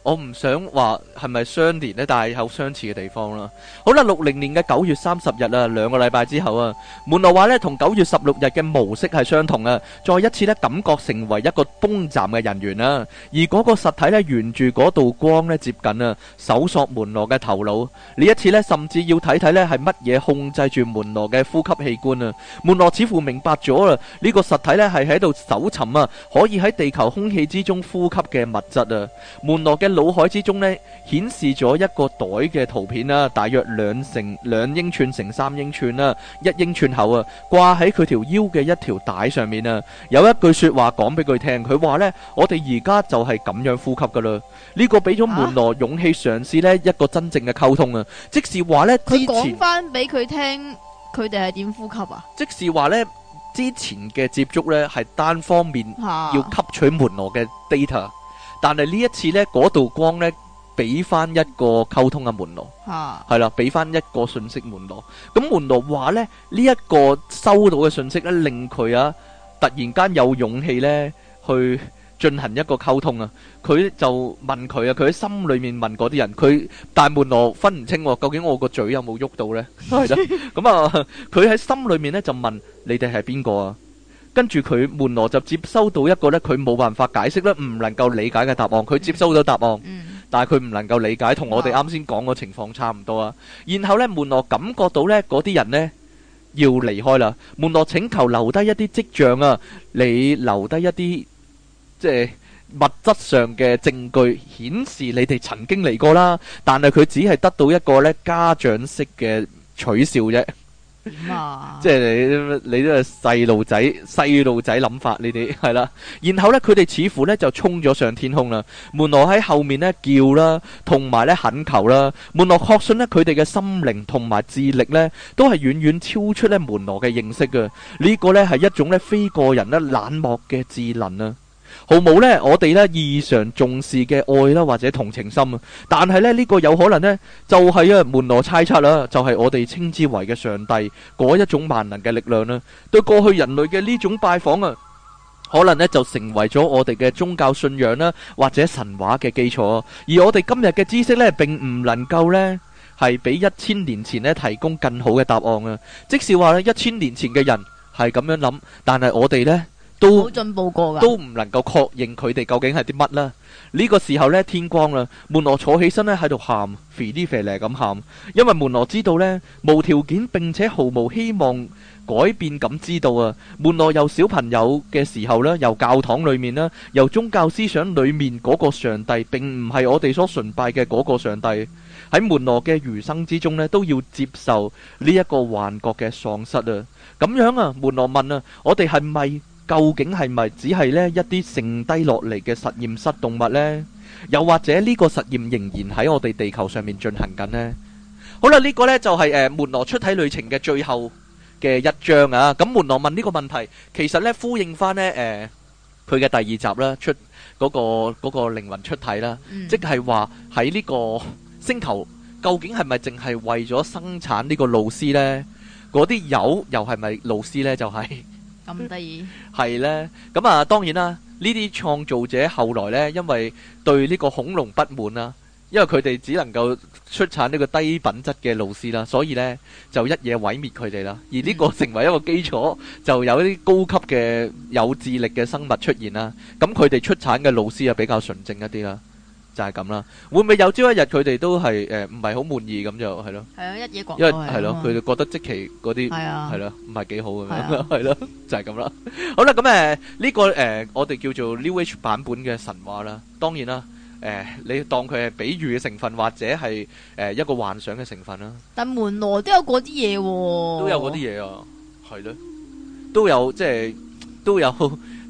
我唔想話係咪相連咧，但係有相似嘅地方啦。好啦，六零年嘅九月三十日啊，兩個禮拜之後啊，門羅話咧同九月十六日嘅模式係相同啊。再一次咧，感覺成為一個崩站嘅人員啦。而嗰個實體咧沿住嗰道光咧接近啊，搜索門羅嘅頭腦。呢一次咧，甚至要睇睇咧係乜嘢控制住門羅嘅呼吸器官啊。門羅似乎明白咗啦，呢個實體咧係喺度搜尋啊，可以喺地球空氣之中呼吸嘅物質啊。門羅嘅腦海之中呢，顯示咗一個袋嘅圖片啦，啊，大約兩成兩英寸乘三英寸啦，啊，一英寸厚啊，掛喺佢條腰嘅一條帶上面啊。有一句話說話講俾佢聽，佢話呢：「我哋而家就係咁樣呼吸噶啦。」這個，呢個俾咗門羅勇氣嘗試呢一個真正嘅溝通啊。即是話呢，佢講翻俾佢聽，佢哋係點呼吸啊？即是話呢，之前嘅接觸呢，係單方面要吸取門羅嘅 data。但係呢一次呢，嗰道光呢俾翻一個溝通嘅門羅，係啦，俾翻一個信息門羅。咁門羅話呢，呢一個收到嘅信息呢，令佢啊突然間有勇氣呢去進行一個溝通啊。佢就問佢啊，佢喺心裏面問嗰啲人，佢但門羅分唔清，究竟我個嘴有冇喐到呢？係啦，咁啊，佢喺心裏面呢就問：你哋係邊個啊？跟住佢門羅就接收到一個咧，佢冇辦法解釋咧，唔能夠理解嘅答案。佢接收咗答案，嗯嗯、但係佢唔能夠理解，同我哋啱先講嘅情況差唔多啊。然後咧，門羅感覺到咧，嗰啲人呢要離開啦。門羅請求留低一啲跡象啊，你留低一啲即係物質上嘅證據，顯示你哋曾經嚟過啦。但係佢只係得到一個咧家長式嘅取笑啫。 即係你，你都係細路仔，細路仔諗法你哋係啦。然後呢，佢哋似乎呢就衝咗上天空啦。門羅喺後面呢叫啦，同埋呢懇求啦。門羅確信呢，佢哋嘅心靈同埋智力呢都係遠遠超出咧門羅嘅認識嘅。呢個呢係一種呢非個人咧冷漠嘅智能啊。毫無呢，我哋呢異常重視嘅愛啦，或者同情心。但係呢，呢個有可能呢，就係啊門羅猜測啦，就係我哋稱之為嘅上帝嗰一種萬能嘅力量啦。對過去人類嘅呢種拜訪啊，可能呢就成為咗我哋嘅宗教信仰啦，或者神話嘅基礎。而我哋今日嘅知識呢，並唔能夠呢，係比一千年前呢提供更好嘅答案啊。即使話呢，一千年前嘅人係咁樣諗，但係我哋呢。都進步過，都唔能夠確認佢哋究竟係啲乜啦。呢個時候咧，天光啦，門羅坐起身咧喺度喊，肥啲肥嚟咁喊，因為門羅知道咧無條件並且毫無希望改變咁，知道啊。門羅由小朋友嘅時候咧，由教堂裏面咧，由宗教思想裏面嗰個上帝，並唔係我哋所崇拜嘅嗰個上帝，喺門羅嘅餘生之中咧，都要接受呢一個幻覺嘅喪失啊。咁樣啊，門羅問啊，我哋係咪？究竟係咪只係呢一啲剩低落嚟嘅實驗室動物呢？又或者呢個實驗仍然喺我哋地球上面進行緊呢？好啦，呢、這個呢就係、是、誒、呃、門羅出體旅程嘅最後嘅一章啊！咁門羅問呢個問題，其實呢呼應翻呢誒佢嘅第二集啦，出嗰、那個嗰、那個靈魂出體啦，嗯、即係話喺呢個星球究竟係咪淨係為咗生產呢個露絲呢？嗰啲友又係咪露絲呢？就係、是。咁得意，係咧，咁、 嗯、啊，當然啦，呢啲創造者後來呢，因為對呢個恐龍不滿啦，因為佢哋只能夠出產呢個低品質嘅老師啦，所以呢，就一嘢毀滅佢哋啦，而呢個成為一個基礎， 就有一啲高級嘅有智力嘅生物出現啦，咁佢哋出產嘅老師啊比較純正一啲啦。就係咁啦，會唔會有朝一日佢哋都係誒唔係好滿意咁就係咯？係啊，一嘢講，因為係咯，佢哋覺得即期嗰啲係啊，係咯，唔係幾好咁樣，係咯，就係咁啦。好啦，咁誒呢個誒我哋叫做 New Age 版本嘅神話啦，當然啦，誒你當佢係比喻嘅成分，或者係誒一個幻想嘅成分啦。但門羅都有嗰啲嘢喎，都有嗰啲嘢啊，係咧，都有即係都有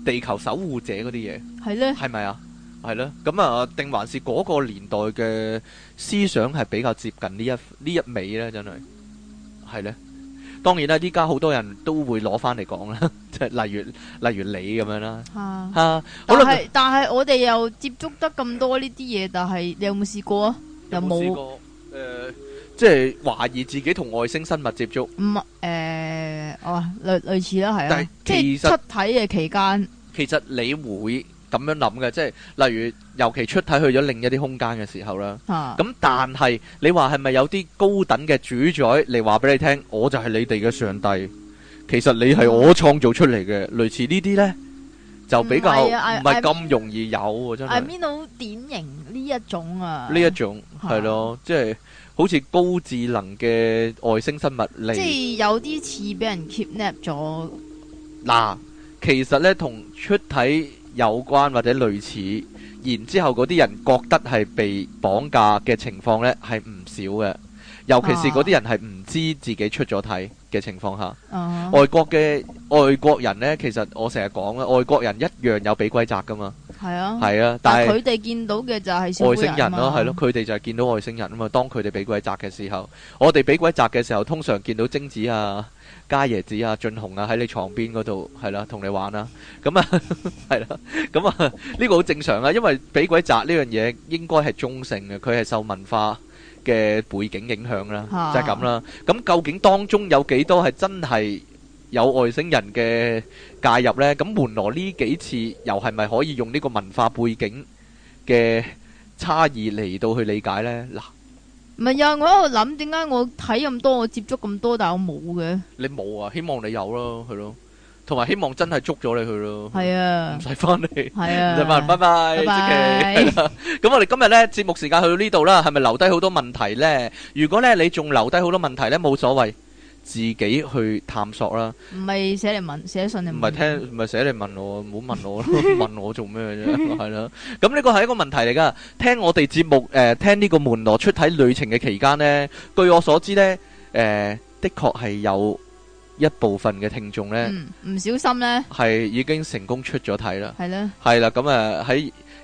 地球守護者嗰啲嘢，係咧，係咪啊？係咯，咁啊，定、嗯、還是嗰個年代嘅思想係比較接近呢一尾呢一呢一味咧？真係係咧。當然啦，依家好多人都會攞翻嚟講啦，即係例如例如你咁樣啦。吓，但係但係我哋又接觸得咁多呢啲嘢，但係你有冇試過啊？有冇過？誒，即係懷疑自己同外星生物接觸？唔啊，誒、呃，哦，類類似啦，係啊，其實即出體嘅期間。其實你會？咁樣諗嘅，即係例如，尤其出體去咗另一啲空間嘅時候啦。咁、啊、但係你話係咪有啲高等嘅主宰嚟話俾你聽，我就係你哋嘅上帝？其實你係我創造出嚟嘅，嗯、類似呢啲呢，就比較唔係咁容易有真係。I mean, 度 I mean, 典型呢一種啊，呢一種係、啊、咯，即係好似高智能嘅外星生物嚟。即係有啲似俾人 keep nap 咗。嗱、啊，其實呢，同出體。有關或者類似，然之後嗰啲人覺得係被綁架嘅情況呢係唔少嘅。尤其是嗰啲人係唔知自己出咗體嘅情況下，啊、外國嘅外國人呢，其實我成日講啦，外國人一樣有俾鬼摘㗎嘛。係啊，啊，但係佢哋見到嘅就係外星人咯、啊，係咯、啊，佢哋、啊、就係見到外星人啊嘛。當佢哋俾鬼摘嘅時候，我哋俾鬼摘嘅時候，通常見到精子啊。家椰子啊，俊雄啊，喺你床邊嗰度係啦，同你玩啦，咁啊係啦，咁啊呢個好正常啊，因為俾鬼砸呢樣嘢，應該係中性嘅，佢係受文化嘅背景影響啦，就係咁啦。咁究竟當中有幾多係真係有外星人嘅介入咧？咁門羅呢幾次又係咪可以用呢個文化背景嘅差異嚟到去理解咧？嗱。唔係呀，我喺度諗點解我睇咁多，我接觸咁多，但係我冇嘅。你冇啊？希望你有咯，係咯，同埋希望真係捉咗你去咯。係啊，唔使翻嚟。係啊，唔使翻嚟，拜拜。拜拜。咁我哋今日咧節目時間去到呢度啦，係咪留低好多問題咧？如果咧你仲留低好多問題咧，冇所謂。自己去探索啦，唔係寫嚟問寫信定唔係聽？唔係寫嚟問我，唔好問我啦，問我做咩啫？係啦，咁呢個係一個問題嚟㗎。聽我哋節目誒，聽呢個門羅出體旅程嘅期間呢，據我所知呢，誒，的確係有一部分嘅聽眾呢，唔小心呢，係已經成功出咗體啦，係咯，係啦，咁誒喺。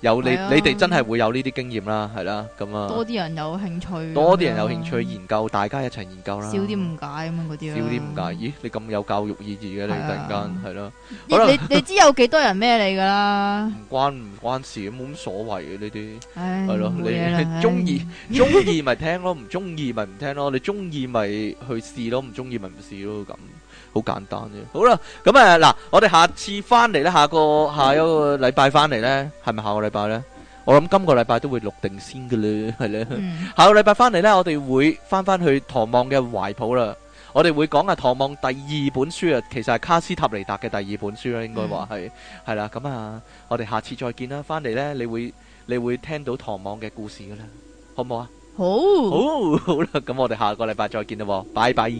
有你你哋真係會有呢啲經驗啦，係啦，咁啊，多啲人有興趣，多啲人有興趣研究，大家一齊研究啦，少啲誤解咁樣嗰啲啦，少啲誤解，咦？你咁有教育意義嘅你突然間係咯，你你知有幾多人咩你噶啦？唔關唔關事，冇乜所謂嘅呢啲，係咯，你中意中意咪聽咯，唔中意咪唔聽咯，你中意咪去試咯，唔中意咪唔試咯，咁。好簡單嘅。好啦，咁誒，嗱，我哋下次翻嚟咧，下個下一個禮拜翻嚟咧，係咪下個禮拜呢？我諗今個禮拜都會錄定先噶啦，係咧。嗯、下個禮拜翻嚟咧，我哋會翻翻去《唐望》嘅懷抱啦。我哋會，會講下《唐望》第二本書啊，其實係《卡斯塔尼達》嘅第二本書啦，應該話係係啦。咁、嗯、啊，我哋下次再見啦，翻嚟呢，你會你會聽到《唐望》嘅故事噶啦，好唔好啊？好，好，好，好啦，咁我哋下個禮拜再見啦，拜拜。